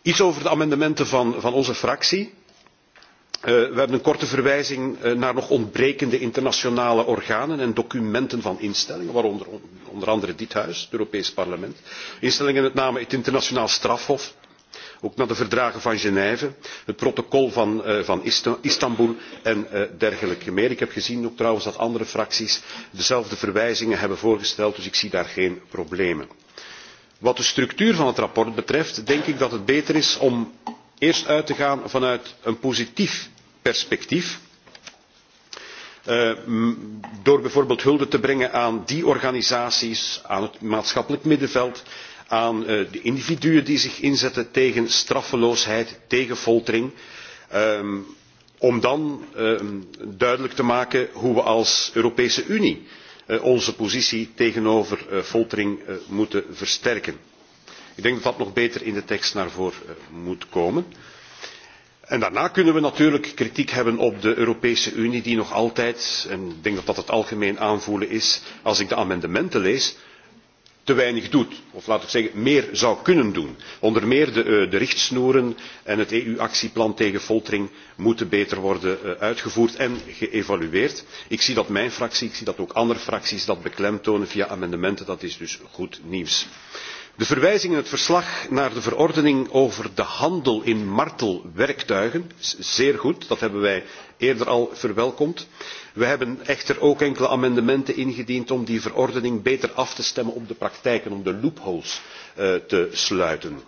Iets over de amendementen van onze fractie. Eh, we hebben een korte verwijzing eh, naar nog ontbrekende internationale organen en documenten van instellingen waaronder onder andere dit huis het europees parlement instellingen met name het internationaal strafhof ook naar de verdragen van genève het protocol van, uh, van istanboel en dergelijke meer. ik heb gezien ook trouwens dat andere fracties dezelfde verwijzingen hebben voorgesteld dus ik zie daar geen problemen. wat de structuur van het verslag betreft denk ik dat het beter is om eerst uit te gaan vanuit een positief perspectief eh, door bijvoorbeeld hulde te brengen aan die organisaties aan het maatschappelijk middenveld aan eh, de individuen die zich inzetten tegen straffeloosheid tegen foltering ehm, om dan ehm, duidelijk te maken hoe we als europese unie eh, onze positie tegenover foltering moeten versterken. Ik denk dat dat nog beter in de tekst naar voren eh, moet komen. En daarna kunnen we natuurlijk kritiek hebben op de Europese Unie die nog altijd, en ik denk dat dat het algemeen aanvoelen is, als ik de amendementen lees, te weinig doet. Of laat ik zeggen, meer zou kunnen doen. Onder meer de, eh, de richtsnoeren en het EU-actieplan tegen foltering moeten beter worden eh, uitgevoerd en geëvalueerd. Ik zie dat mijn fractie, ik zie dat ook andere fracties dat beklemtonen via amendementen. Dat is dus goed nieuws de verwijzing in het verslag naar de verordening over de handel in martelwerktuigen is zeer goed dat hebben wij eerder al verwelkomd. wij hebben echter ook enkele amendementen ingediend om die verordening beter af te stemmen op de praktijk en om de loopholes eh, te sluiten.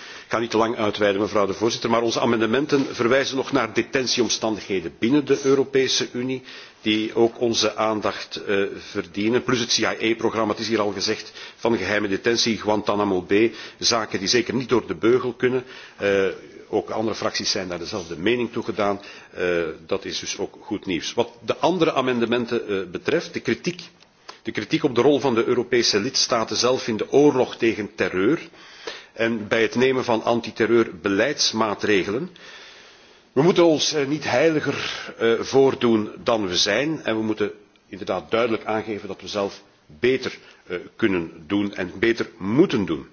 ik ga niet te lang uitweiden mevrouw de voorzitter maar onze amendementen verwijzen nog naar detentieomstandigheden binnen de europese unie die ook onze aandacht uh, verdienen. Plus het CIA programma, het is hier al gezegd, van geheime detentie, Guantanamo Bay, zaken die zeker niet door de beugel kunnen. Uh, ook andere fracties zijn daar dezelfde mening toe gedaan. Uh, dat is dus ook goed nieuws. Wat de andere amendementen uh, betreft, de kritiek, de kritiek op de rol van de Europese lidstaten zelf in de oorlog tegen terreur en bij het nemen van antiterreurbeleidsmaatregelen we moeten ons eh, niet heiliger eh, voordoen dan we zijn en we moeten inderdaad duidelijk aangeven dat we zelf beter eh, kunnen doen en beter moeten doen.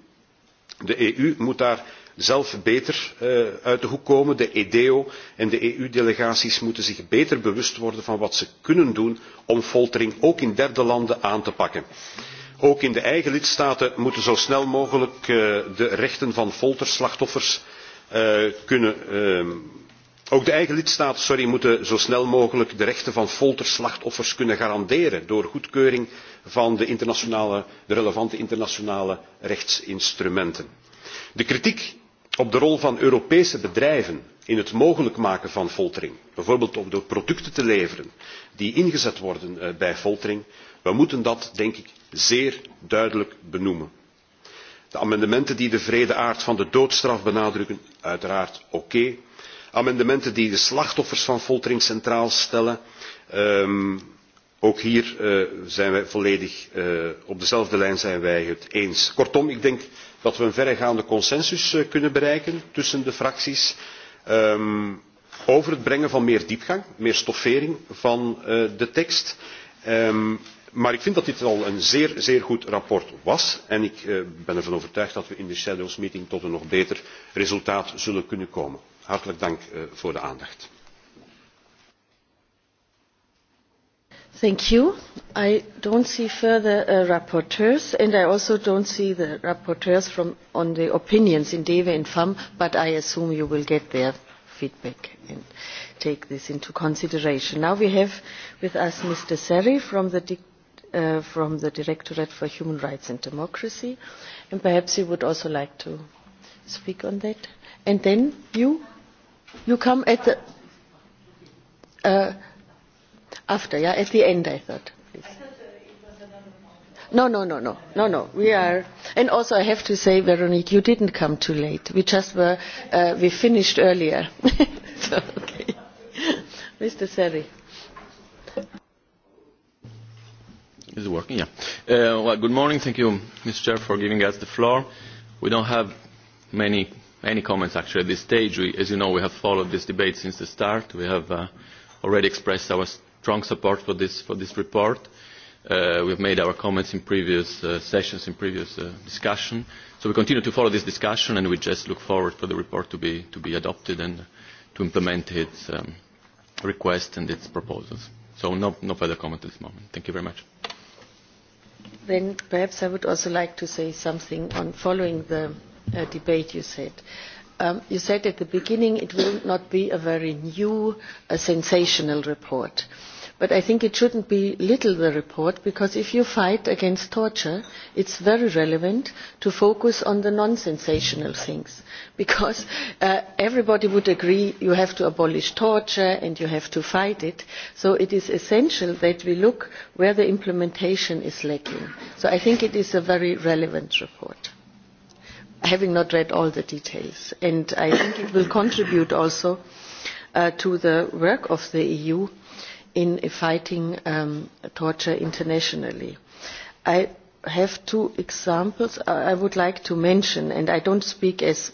de eu moet daar zelf beter uit de hoek komen. de edeo en de eu delegaties moeten zich beter bewust worden van wat ze kunnen doen om foltering ook in derde landen aan te pakken. ook in de eigen lidstaten moeten zo snel mogelijk de rechten van folterslachtoffers kunnen ehm, ook de eigen lidstaten moeten zo snel mogelijk de rechten van folterslachtoffers kunnen garanderen door goedkeuring van de relevante internationale rechtsinstrumenten. de kritiek op de rol van europese bedrijven in het mogelijk maken van foltering bijvoorbeeld door producten te leveren die ingezet worden eh, bij foltering we moeten dat denk ik zeer duidelijk benoemen. de amendementen die de wrede aard van de doodstraf benadrukken uiteraard oké amendementen die de slachtoffers van foltering centraal stellen. Ehm, ook hier eh, zijn wij volledig eh, op dezelfde lijn zijn wij het eens. kortom ik denk dat we een verregaande consensus eh, kunnen bereiken tussen de fracties ehm, over het brengen van meer diepgang meer stoffering van de tekst. Ehm, maar ik vind dat dit al een zeer zeer goed verslag was en ik ben ervan overtuigd dat we in de schaduwrapporteurs tot een nog beter resultaat zullen kunnen komen hartelijk dank eh, voor de aandacht. Thank you. I don't see further uh, rapporteurs, and I also don't see the rapporteurs from, on the opinions in DEVE and FAM, but I assume you will get their feedback and take this into consideration. Now we have with us Mr. Seri from the, uh, from the Directorate for Human Rights and Democracy, and perhaps would also like to speak on that. And then you, You come at the, uh, after, yeah, at the end, I thought. No, no, no, no, no, no. We are, and also I have to say, Veronique, you didn't come too late. We just were, uh, we finished earlier. (laughs) so, okay. Mr. Seri. Is it working? Yeah. Uh, well, good morning. Thank you, Mr. Chair, for giving us the floor. We don't have many many comments actually at this stage. as you know, we have followed this debate since the start. We have uh, already expressed our strong support for this, report. Uh, we have made our comments in previous uh, sessions, in previous discussions. discussion. So we continue to follow this discussion and we just look forward for the report to be, to be adopted and to implement its requests um, request and its proposals. So no, no further comment at this moment. Thank you very much. Then perhaps I would also like to say something on following the Uh, debate you said. Um, you said at the beginning it will not be a very new, a uh, sensational report. But I think it shouldn't be little the report because if you fight against torture, it's very relevant to focus on the non-sensational things because uh, everybody would agree you have to abolish torture and you have to fight it. So it is essential that we look where the implementation is lacking. So I think it is a very relevant report having not read all the details. And I think it will contribute also uh, to the work of the EU in fighting um, torture internationally. I have two examples uh, I would like to mention, and I don't speak as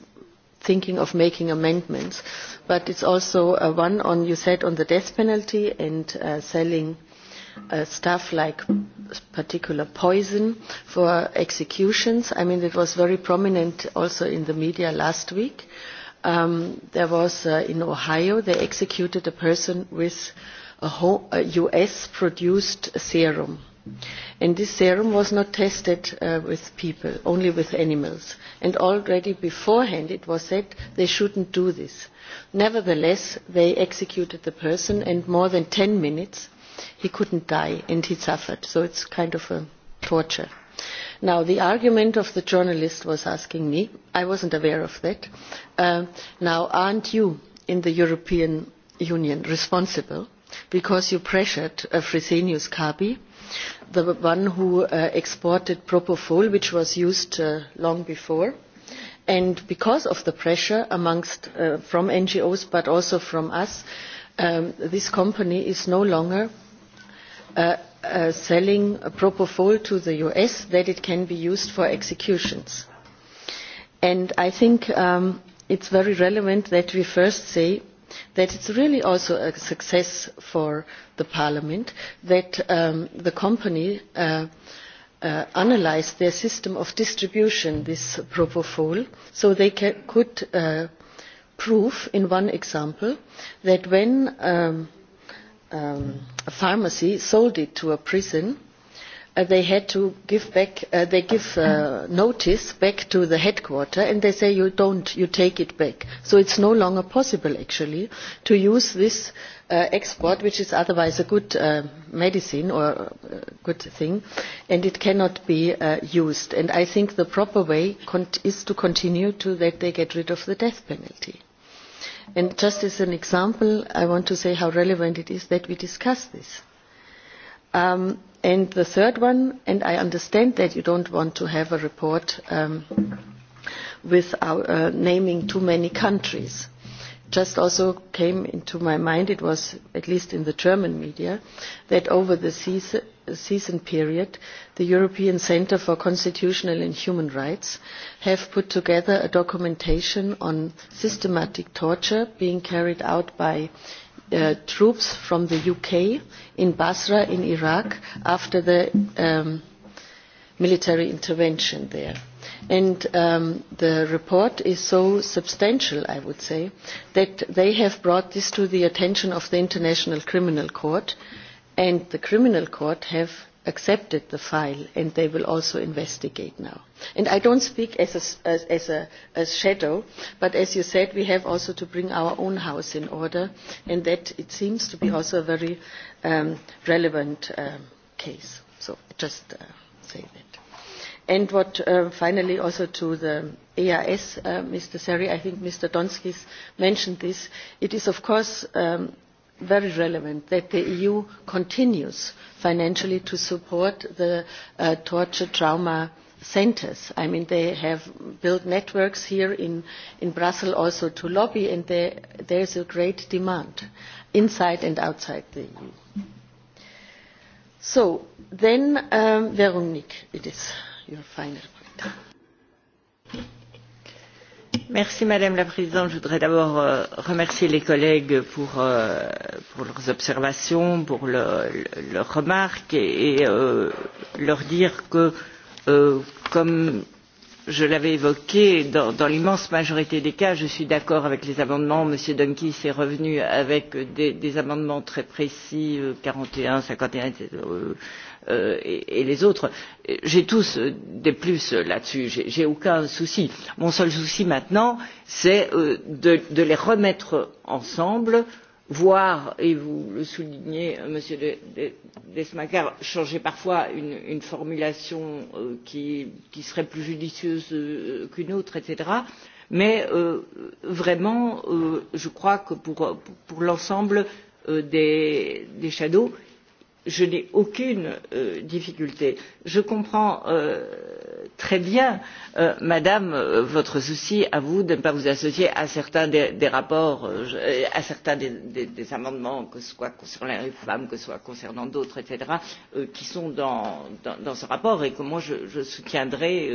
thinking of making amendments, but it's also uh, one on, you said, on the death penalty and uh, selling uh, stuff like particular poison for executions. I mean, it was very prominent also in the media last week. Um, there was uh, in Ohio, they executed a person with a, a US-produced serum. And this serum was not tested uh, with people, only with animals. And already beforehand it was said they shouldn't do this. Nevertheless, they executed the person and more than 10 minutes he couldn't die and he suffered. So it's kind of a torture. Now, the argument of the journalist was asking me, I wasn't aware of that. Uh, now, aren't you in the European Union responsible because you pressured uh, Fresenius Kabi, the one who uh, exported propofol, which was used uh, long before, and because of the pressure amongst, uh, from NGOs but also from us, um, this company is no longer selling propofol to the us that it can be used for executions. And i think um, it is very relevant that we first say that it is really also a success for parliament that um, the company uh, uh, analysed their system of distribution this propofol so they could uh, prove in one example that when um, um, a pharmacy, sold it to a prison, uh, they had to give back, uh, they give uh, notice back to the headquarter and they say you don't, you take it back. So it's no longer possible actually to use this uh, export, which is otherwise a good uh, medicine or a uh, good thing, and it cannot be uh, used. And I think the proper way is to continue to that they get rid of the death penalty And just as an example, I want to say how relevant it is that we discuss this. Um, and the third one, and I understand that you don't want to have a report um, with uh, naming too many countries just also came into my mind it was at least in the german media that over the season, period the european centre for constitutional and human rights have put together a documentation on systematic torture being carried out by uh, troops from the uk in basra in iraq after the um, military intervention there and um, the report is so substantial i would say that they have brought this to the attention of the international criminal court and the criminal court have accepted the file and they will also investigate now. And I don't speak as a, as, as a as shadow, but as you said, we have also to bring our own house in order, and that it seems to be also a very um, relevant um, case. So just uh, say that and what uh, finally also to the eas uh, mr seri i think mr donskis mentioned this it is of course um, very relevant that the eu continues financially to support the uh, torture trauma centres. I mean, they have built networks here in, in Brussels also to lobby, and there, there is a great demand inside and outside the EU. So then, um, Veronique, it is your final point. Merci, madame la présidente je voudrais d'abord euh, remercier les collègues pour, euh, pour leurs observations pour le, le, leurs remarques et, et euh, leur dire que euh, comme je l'avais évoqué dans, dans l'immense majorité des cas je suis d'accord avec les amendements. m. donskis est revenu avec des, des amendements très précis euh, quarante et un cinquante et un Euh, et, les autres j'ai tous euh, des plus là dessus je n'ai aucun souci. mon seul souci maintenant c'est euh, de, les remettre ensemble voire et vous le soulignez monsieur demesmaeker changer parfois une, formulation qui, serait plus judicieuse qu'une autre etc. mais vraiment je crois que pour, l'ensemble des, des je n'ai aucune euh, difficulté. je comprends euh, très bien euh, madame votre souci à vous de ne pas vous associer à certains des, rapports à certains des, amendements que ce soit concernant les femmes que ce soit concernant d'autres etc. qui sont dans, ce rapport et que moi je, soutiendrai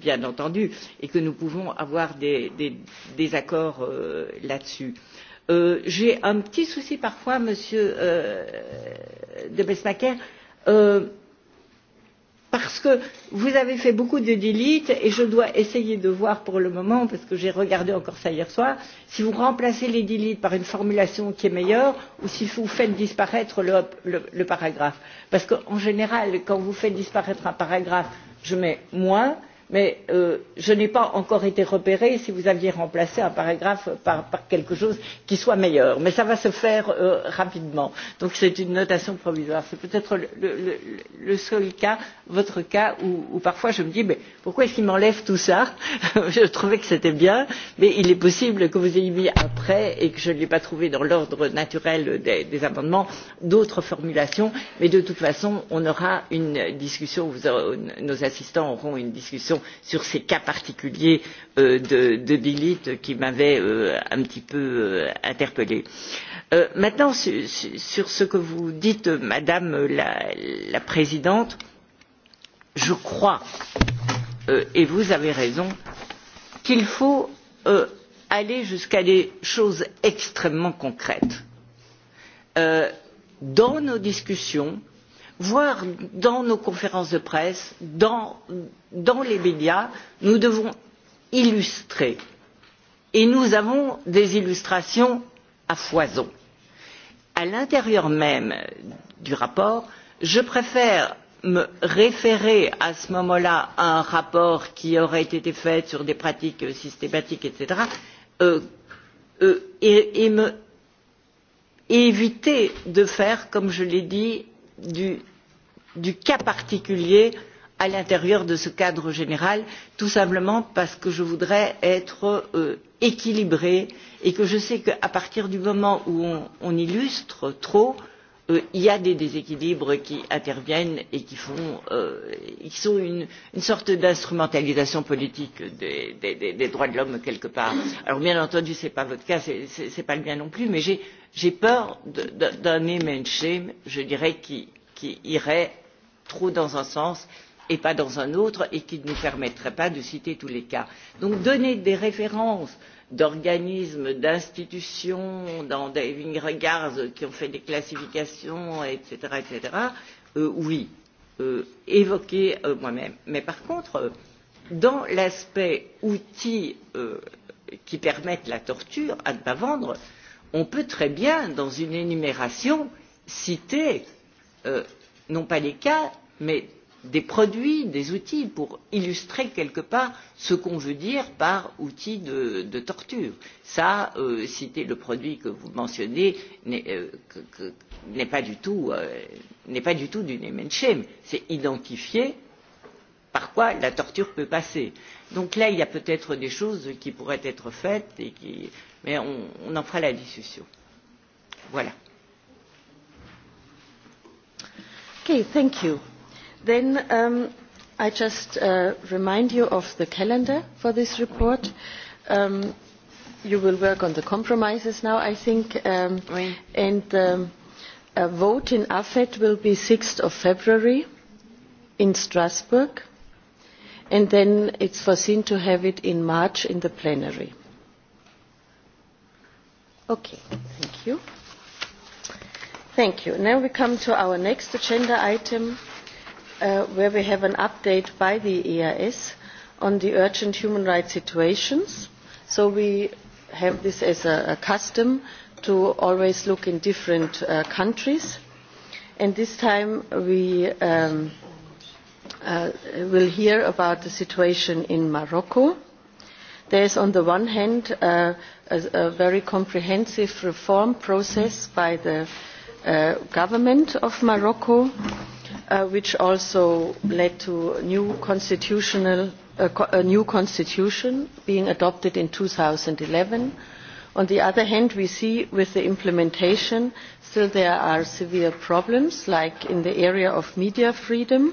bien entendu et que nous pouvons avoir des désaccords là dessus. Euh, j'ai un petit souci parfois, Monsieur euh, de Besmaquer, euh, parce que vous avez fait beaucoup de delete et je dois essayer de voir pour le moment, parce que j'ai regardé encore ça hier soir, si vous remplacez les delete par une formulation qui est meilleure ou si vous faites disparaître le, le, le paragraphe. Parce qu'en général, quand vous faites disparaître un paragraphe, je mets moins mais euh, je n'ai pas encore été repérée si vous aviez remplacé un paragraphe par, quelque chose qui soit meilleur mais cela va se faire euh, rapidement donc c'est une notation provisoire. c'est peut être le, seul cas votre cas où, parfois je me dis mais pourquoi est ce qu'il m'enlève tout cela? (laughs) je trouvais que c'était bien mais il est possible que vous ayez mis après et que je n'ai pas trouvé dans l'ordre naturel des, des amendements d'autres formulations mais de toute façon on aura une discussion vous aurez, nos assistants auront une discussion informations sur ces cas particuliers euh, de, de qui m'avaient euh, un petit peu euh, interpellée. maintenant sur ce que vous dites madame la présidente je crois et vous avez raison qu'il faut aller jusqu'à des choses extrêmement concrètes. dans nos discussions voire dans nos conférences de presse dans, les médias nous devons illustrer et nous avons des illustrations à foison. à l'intérieur même du rapport je préfère me référer à ce moment là à un rapport qui aurait été fait sur des pratiques systématiques etc. et euh, euh, éviter de faire comme je l'ai dit du, cas particulier à l'intérieur de ce cadre général tout simplement parce que je voudrais être euh, équilibrée et que je sais qu'à partir du moment où on, illustre trop euh, il euh, y a des déséquilibres qui interviennent et qui, euh, sont une, sorte d'instrumentalisation politique des, droits de l'homme quelque part. alors bien entendu ce n'est pas votre cas ce n'est pas le mien non plus mais j'ai peur d'un name je dirais qui, irait trop dans un sens et pas dans un autre et qui ne nous permettrait pas de citer tous les cas. donc donner des références d'organismes d'institutions dans david regards qui ont fait des classifications etc. etc. Euh, oui euh, évoqué euh, moi même mais par contre euh, dans l'aspect outils euh, qui permettent la torture à ne pas vendre on peut très bien dans une énumération citer euh, non pas les cas mais des produits, des outils pour illustrer quelque part ce qu'on veut dire par outil de, de torture. Ça, euh, citer le produit que vous mentionnez n'est euh, pas du tout euh, n'est pas du tout du name C'est identifier par quoi la torture peut passer. Donc là, il y a peut-être des choses qui pourraient être faites et qui, mais on, on en fera la discussion. Voilà. Okay, thank you. Then um, I just uh, remind you of the calendar for this report. Um, you will work on the compromises now, I think, um, oui. and um, a vote in AFET will be 6th of February in Strasbourg, and then it's foreseen to have it in March in the plenary. Okay, thank you. Thank you. Now we come to our next agenda item Uh, where we have an update by the EIS on the urgent human rights situations. So we have this as a, a custom to always look in different uh, countries. And this time we um, uh, will hear about the situation in Morocco. There is on the one hand uh, a, a very comprehensive reform process by the uh, government of Morocco Uh, which also led to a new, uh, a new constitution being adopted in 2011. On the other hand, we see with the implementation still there are severe problems, like in the area of media freedom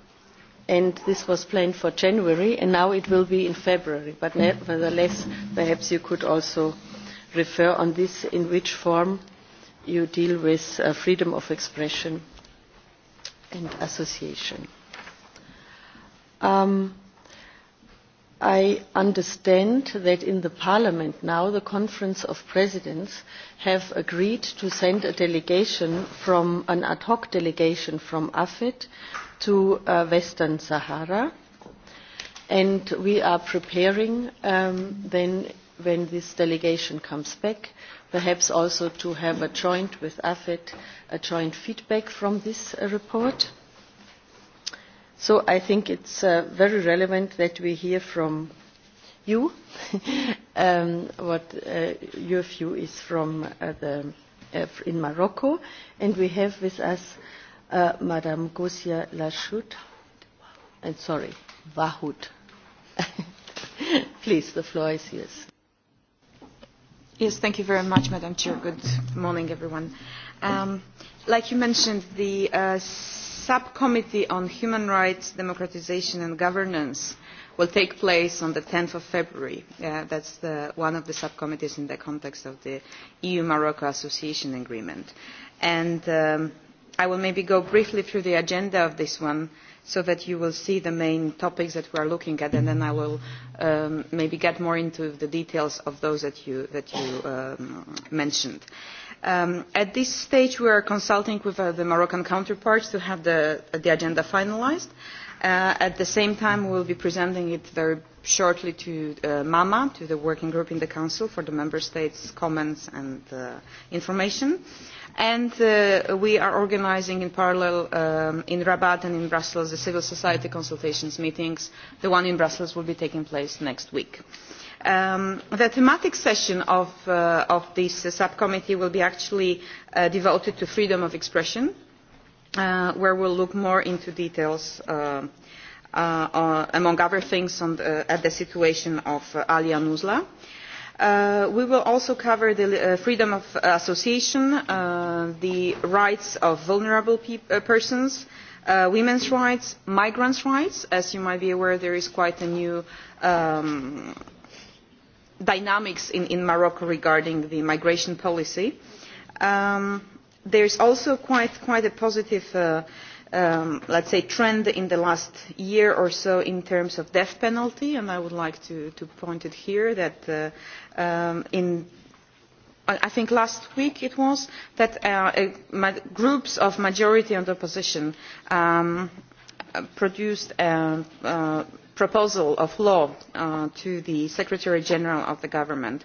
and this was planned for January and now it will be in February. But nevertheless, perhaps you could also refer on this in which form you deal with uh, freedom of expression and association. Um, i understand that in the parliament now the conference of presidents have agreed to send a delegation from an ad hoc delegation from afet to uh, western sahara and we are preparing um, then when this delegation comes back perhaps also to have a joint with afet a joint feedback from this uh, report so i think it is uh, very relevant that we hear from you (laughs) um, what uh, your view is from uh, in morocco and we have with us madam gosia lachoud and sorry wahoud (laughs) please the floor is yours yes thank you very much madam chair good morning everyone um, like you mentioned the subcommittee on human rights democratisation and governance will take place on ten february that is one of the subcommittees in the context of the eu morocco association agreement and um, i will maybe go briefly through the agenda of this one so that you will see the main topics that we are looking at and then i will um, maybe get more into the details of those that you, um, mentioned. Um, at this stage, we are consulting with uh, the Moroccan counterparts to have the, the agenda finalized. Uh, at the same time, we will be presenting it very shortly to uh, MAMA, to the working group in the Council for the Member States' comments and uh, information. And uh, we are organizing in parallel um, in Rabat and in Brussels the civil society consultations meetings. The one in Brussels will be taking place next week. Uh, Um, the thematic session of, uh, of this uh, subcommittee will be actually uh, devoted to freedom of expression, uh, where we'll look more into details, uh, uh, uh, among other things, on the, uh, at the situation of uh, Alia Nuzla. Uh, we will also cover the uh, freedom of association, uh, the rights of vulnerable uh, persons, uh, women's rights, migrants' rights. As you might be aware, there is quite a new um, dynamics in, Morocco regarding the migration policy. Um, there is also quite, a positive, let uh, us um, let's say, trend in the last year or so in terms of death penalty, and I would like to, point it here that uh, um, in I think last week it was, that uh, groups of majority and opposition produced proposal of law uh, to the Secretary General of the government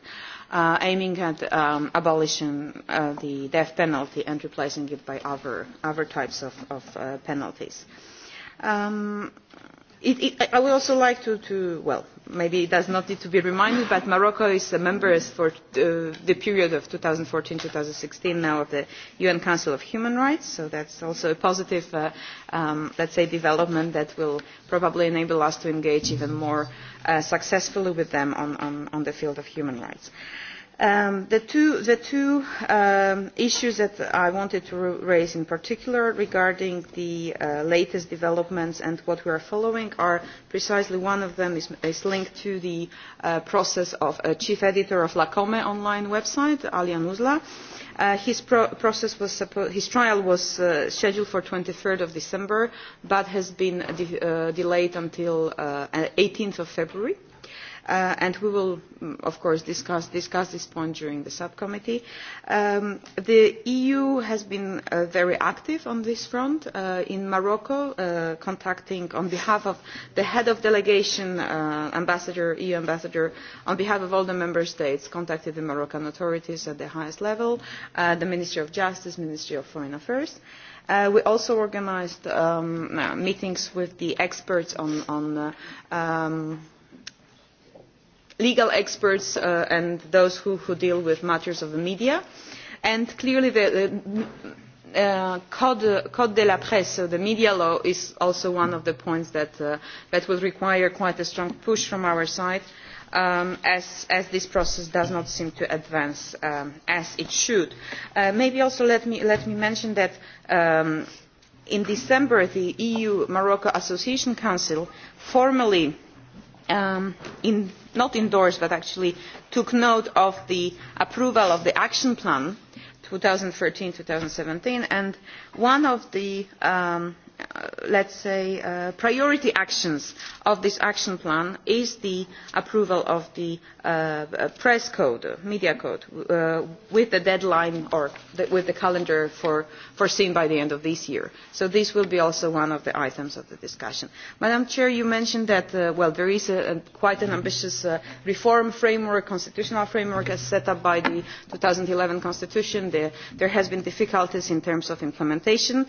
uh, aiming at um, abolition of uh, the death penalty and replacing it by other, other types of, of uh, penalties. Um, it, it, I would also like to, to well, maybe it does not need to be reminded but morocco is a member for uh, the period of two thousand and fourteen two thousand and sixteen now of the un council of human rights so that is also a positive let uh, us um, let's say development that will probably enable us to engage even more uh, successfully with them on the field of human rights. Um, the two, um, issues that i wanted to raise in particular regarding the uh, latest developments and what we are following are precisely one of them is, linked to the uh, process of a chief editor of la comme online website ali Uzla. Uh, his, trial was scheduled for 23rd of December but has been delayed until eighteen 18th of February Uh, and we will mm, of course discuss, this point during the subcommittee. Um, the eu has been uh, very active on this front uh, in morocco contacting on behalf of the head of delegation ambassador, eu ambassador on behalf of all the member states contacted the moroccan authorities at the highest level the ministry of justice ministry of foreign affairs. we also organised um, meetings with the experts on, um, legal experts uh, and those who, deal with matters of the media and clearly the uh, code, de la presse the media law is also one of the points that, uh, will require quite a strong push from our side um, as, this process does not seem to advance um, as it should. maybe also let me, mention that um, in december the eu morocco association council formally Um, not endorsed but actually took note of the approval of the action plan two thousand and thirteen two thousand and seventeen and one of the um, Uh, let us say uh, priority actions of this action plan is the approval of the uh, press code media code with the deadline or with the calendar for, foreseen by the end of this year. so this will be also one of the items of the discussion. madam chair you mentioned that well, there is quite an ambitious reform framework constitutional framework as set up by the two thousand and eleven constitution. there have been difficulties in terms of implementation.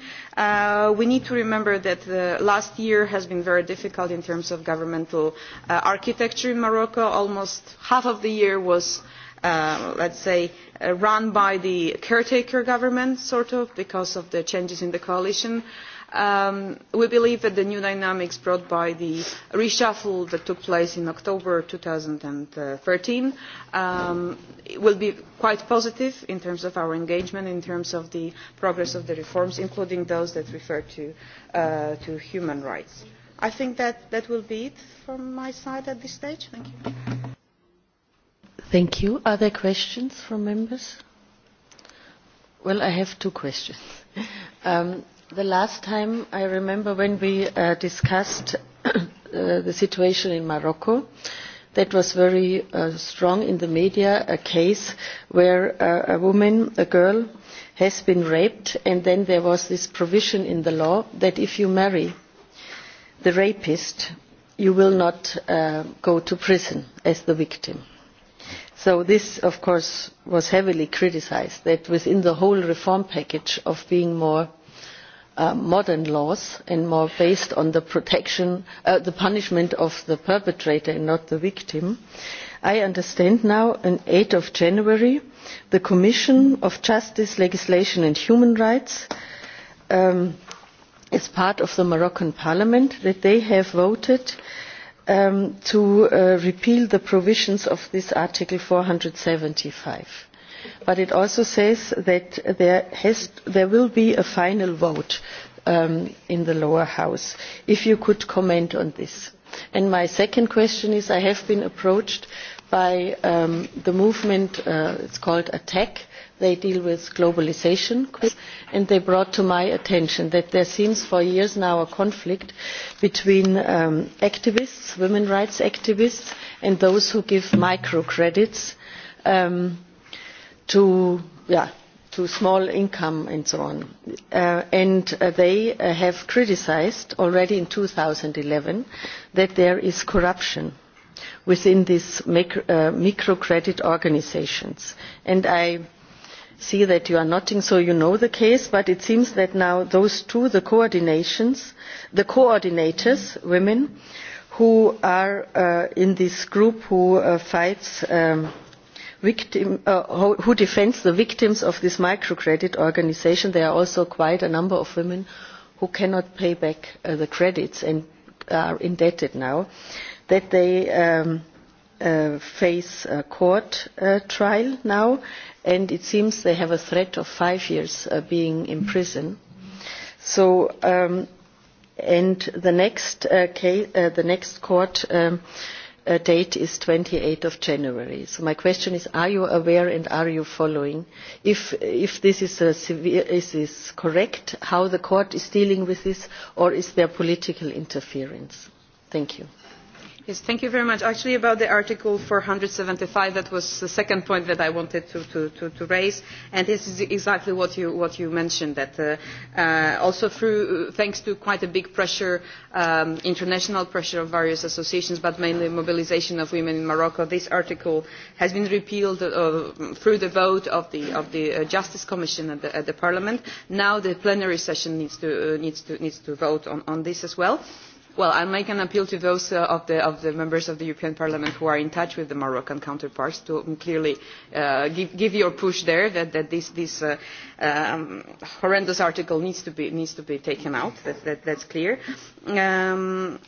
we need to remember remember that the last year has been very difficult in terms of governmental uh, architecture in Morocco. Almost half of the year was, uh, let's say, uh, run by the caretaker government, sort of, because of the changes in the coalition. Uh, Um, we believe that the new dynamics brought by the reshuffle that took place in October 2013 um, will be quite positive in terms of our engagement, in terms of the progress of the reforms, including those that refer to, uh, to human rights. I think that that will be it from my side at this stage. Thank you. Thank you. Are there questions from members? Well, I have two questions. (laughs) Um, the last time i remember when we uh, discussed (coughs) uh, the situation in morocco that was very uh, strong in the media a case where uh, a woman a girl has been raped and then there was this provision in the law that if you marry the rapist you will not uh, go to prison as the victim so this of course was heavily criticised that within the whole reform package of being more Uh, modern laws and more based on the protection uh, the punishment of the perpetrator and not the victim i understand now on eight january the commission of justice legislation and human rights as um, part of the moroccan parliament that they have voted um, to uh, repeal the provisions of this article four hundred and seventy five but it also says that there, will be a final vote um, in the lower house. If you could comment on this. And my second question is I have been approached by um, the movement, uh, it's called ATTACK, they deal with globalisation and they brought to my attention that there seems for years now a conflict between um, activists women's rights activists and those who give microcredits to, yeah, to small income and so on. Uh, and uh, they uh, have criticised already in 2011 that there is corruption within these micro, uh, microcredit organisations. And I see that you are nodding, so you know the case, but it seems that now those two, the coordinations, the coordinators, women, who are uh, in this group who uh, fights um, Uh, who defends the victims of this microcredit organisation. There are also quite a number of women who cannot pay back uh, the credits and are indebted now, that they um, uh, face a court trial now, and it seems they have a threat of five years of being in prison. So, um, and the next, court um, Uh, date is twenty eight january. so my question is are you aware and are you following if, if this is, correct how the court is dealing with this or is there political interference? thank you. Yes, thank you very much. Actually, about the Article 475, that was the second point that I wanted to, raise, and this is exactly what you, mentioned, that uh, uh, also thanks to quite a big pressure, um, international pressure of various associations, but mainly mobilisation of women in Morocco, this article has been repealed uh, through the vote of the, Justice Commission at the, Parliament. Now the plenary session needs to, vote on, this as well. Well, I make an appeal to those uh, of, the, of, the, members of the European Parliament who are in touch with the Moroccan counterparts to um, clearly uh, give, give, your push there that, that this, this uh, um, horrendous article needs to be, needs to be taken out. That, that, that's clear. Um,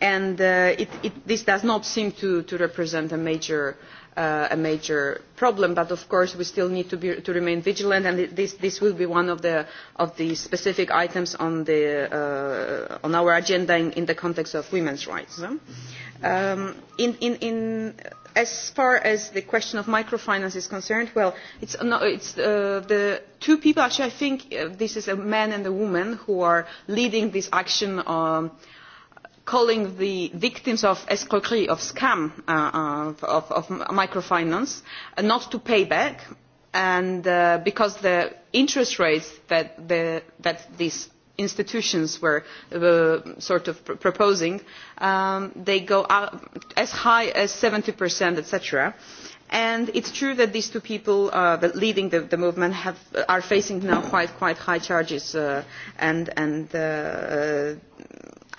and uh, it, it, this does not seem to, to represent a major uh, uh, a major problem but of course we still need to, be, to remain vigilant and this, this will be one of the, of the specific items on, the, uh, on our agenda in, in the context of women's rights. Um, in, in, in, as far as the question of microfinance is concerned well it's, no, it's uh, the two people actually i think uh, this is a man and a woman who are leading this action on um, calling the victims of escroquerie of scam uh, uh, of, microfinance uh, not to pay back and because the interest rates that, the, that these institutions were sort of proposing, um, they go as high as 70%, etc. And it's true that these two people uh, the leading the, the movement have, are facing now quite, quite high charges uh, and, and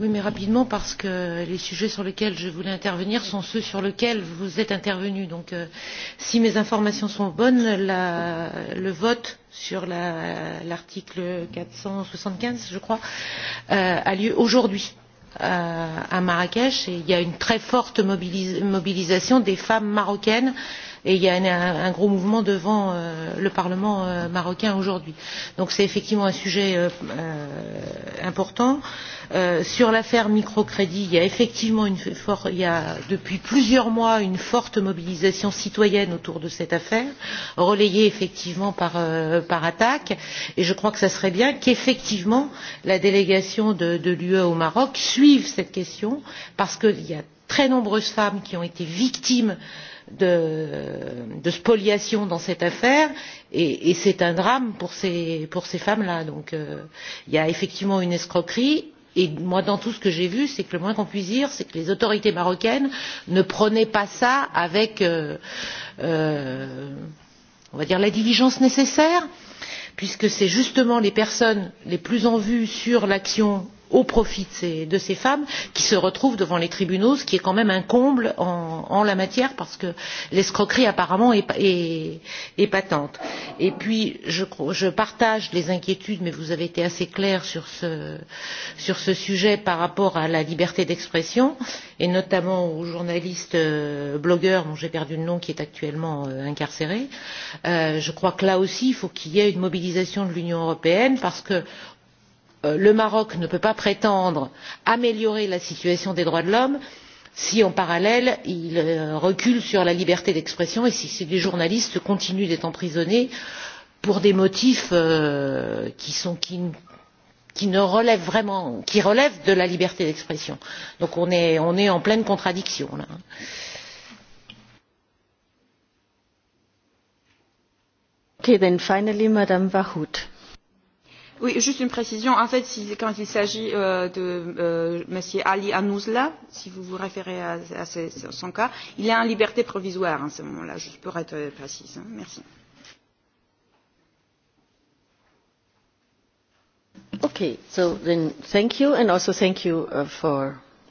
Oui, mais rapidement, parce que les sujets sur lesquels je voulais intervenir sont ceux sur lesquels vous êtes intervenu. Donc, euh, si mes informations sont bonnes, la, le vote sur l'article la, 475, je crois, euh, a lieu aujourd'hui euh, à Marrakech. Et il y a une très forte mobilis mobilisation des femmes marocaines euh, et il y a un, un gros mouvement devant euh, le parlement euh, marocain aujourd'hui. donc c'est effectivement un sujet euh, important. sur l'affaire microcrédit il y a effectivement une, il y a depuis plusieurs mois une forte mobilisation citoyenne autour de cette affaire relayée effectivement par, par attac et je crois que ce serait bien qu'effectivement la délégation de, de l'ue au maroc suive cette question parce qu'il y a de très nombreuses femmes qui ont été victimes de de, spoliation dans cette affaire et, c'est un drame pour ces, femmes là. donc euh, il y a effectivement une escroquerie et moi dans tout ce que j'ai vu c'est que le moins qu'on puisse dire c'est que les autorités marocaines ne prenaient pas cela avec euh, euh, on va dire la diligence nécessaire puisque ce sont justement les personnes les plus en vue sur l'action au profit de ces, femmes qui se retrouvent devant les tribunaux ce qui est quand même un comble en, la matière parce que l'escroquerie apparemment est, patente. et puis je, partage les inquiétudes mais vous avez été assez claire sur ce, sujet par rapport à la liberté d'expression et notamment au journaliste euh, blogueur dont j'ai perdu le nom qui est actuellement euh, incarcéré. Euh, je crois que là aussi il faut qu'il y ait une mobilisation de l'union européenne parce que Euh, le maroc ne peut pas prétendre améliorer la situation des droits de l'homme si en parallèle il euh, recule sur la liberté d'expression et si des journalistes continuent d'être emprisonnés pour des motifs euh, qui, ne relèvent vraiment, qui de la liberté d'expression. donc on est, en pleine contradiction là. Oui, juste une précision. En fait, si, quand il s'agit euh, de euh, M. Ali Anouzla, si vous vous référez à, à ce, son cas, il est en liberté provisoire en ce moment-là, juste pour être euh, précise. Hein. Merci. Okay, so merci. Et aussi merci pour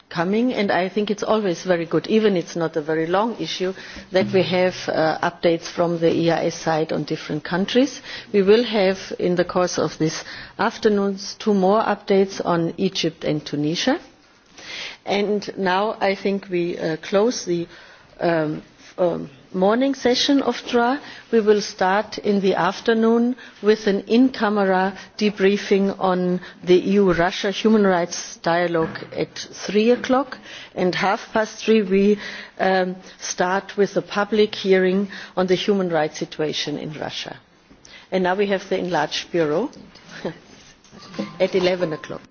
coming and i think it is always very good even if it is not a very long issue that we mm-hmm. have uh, updates from the eeas side on different countries. we will have in the course of this afternoon two more updates on egypt and tunisia. And now i think we uh, close the um, um, morning session of DRA. We will start in the afternoon with an in-camera debriefing on the EU-Russia human rights dialogue at three o'clock. And half past three we um, start with a public hearing on the human rights situation in Russia. And now we have the enlarged bureau (laughs) at eleven o'clock.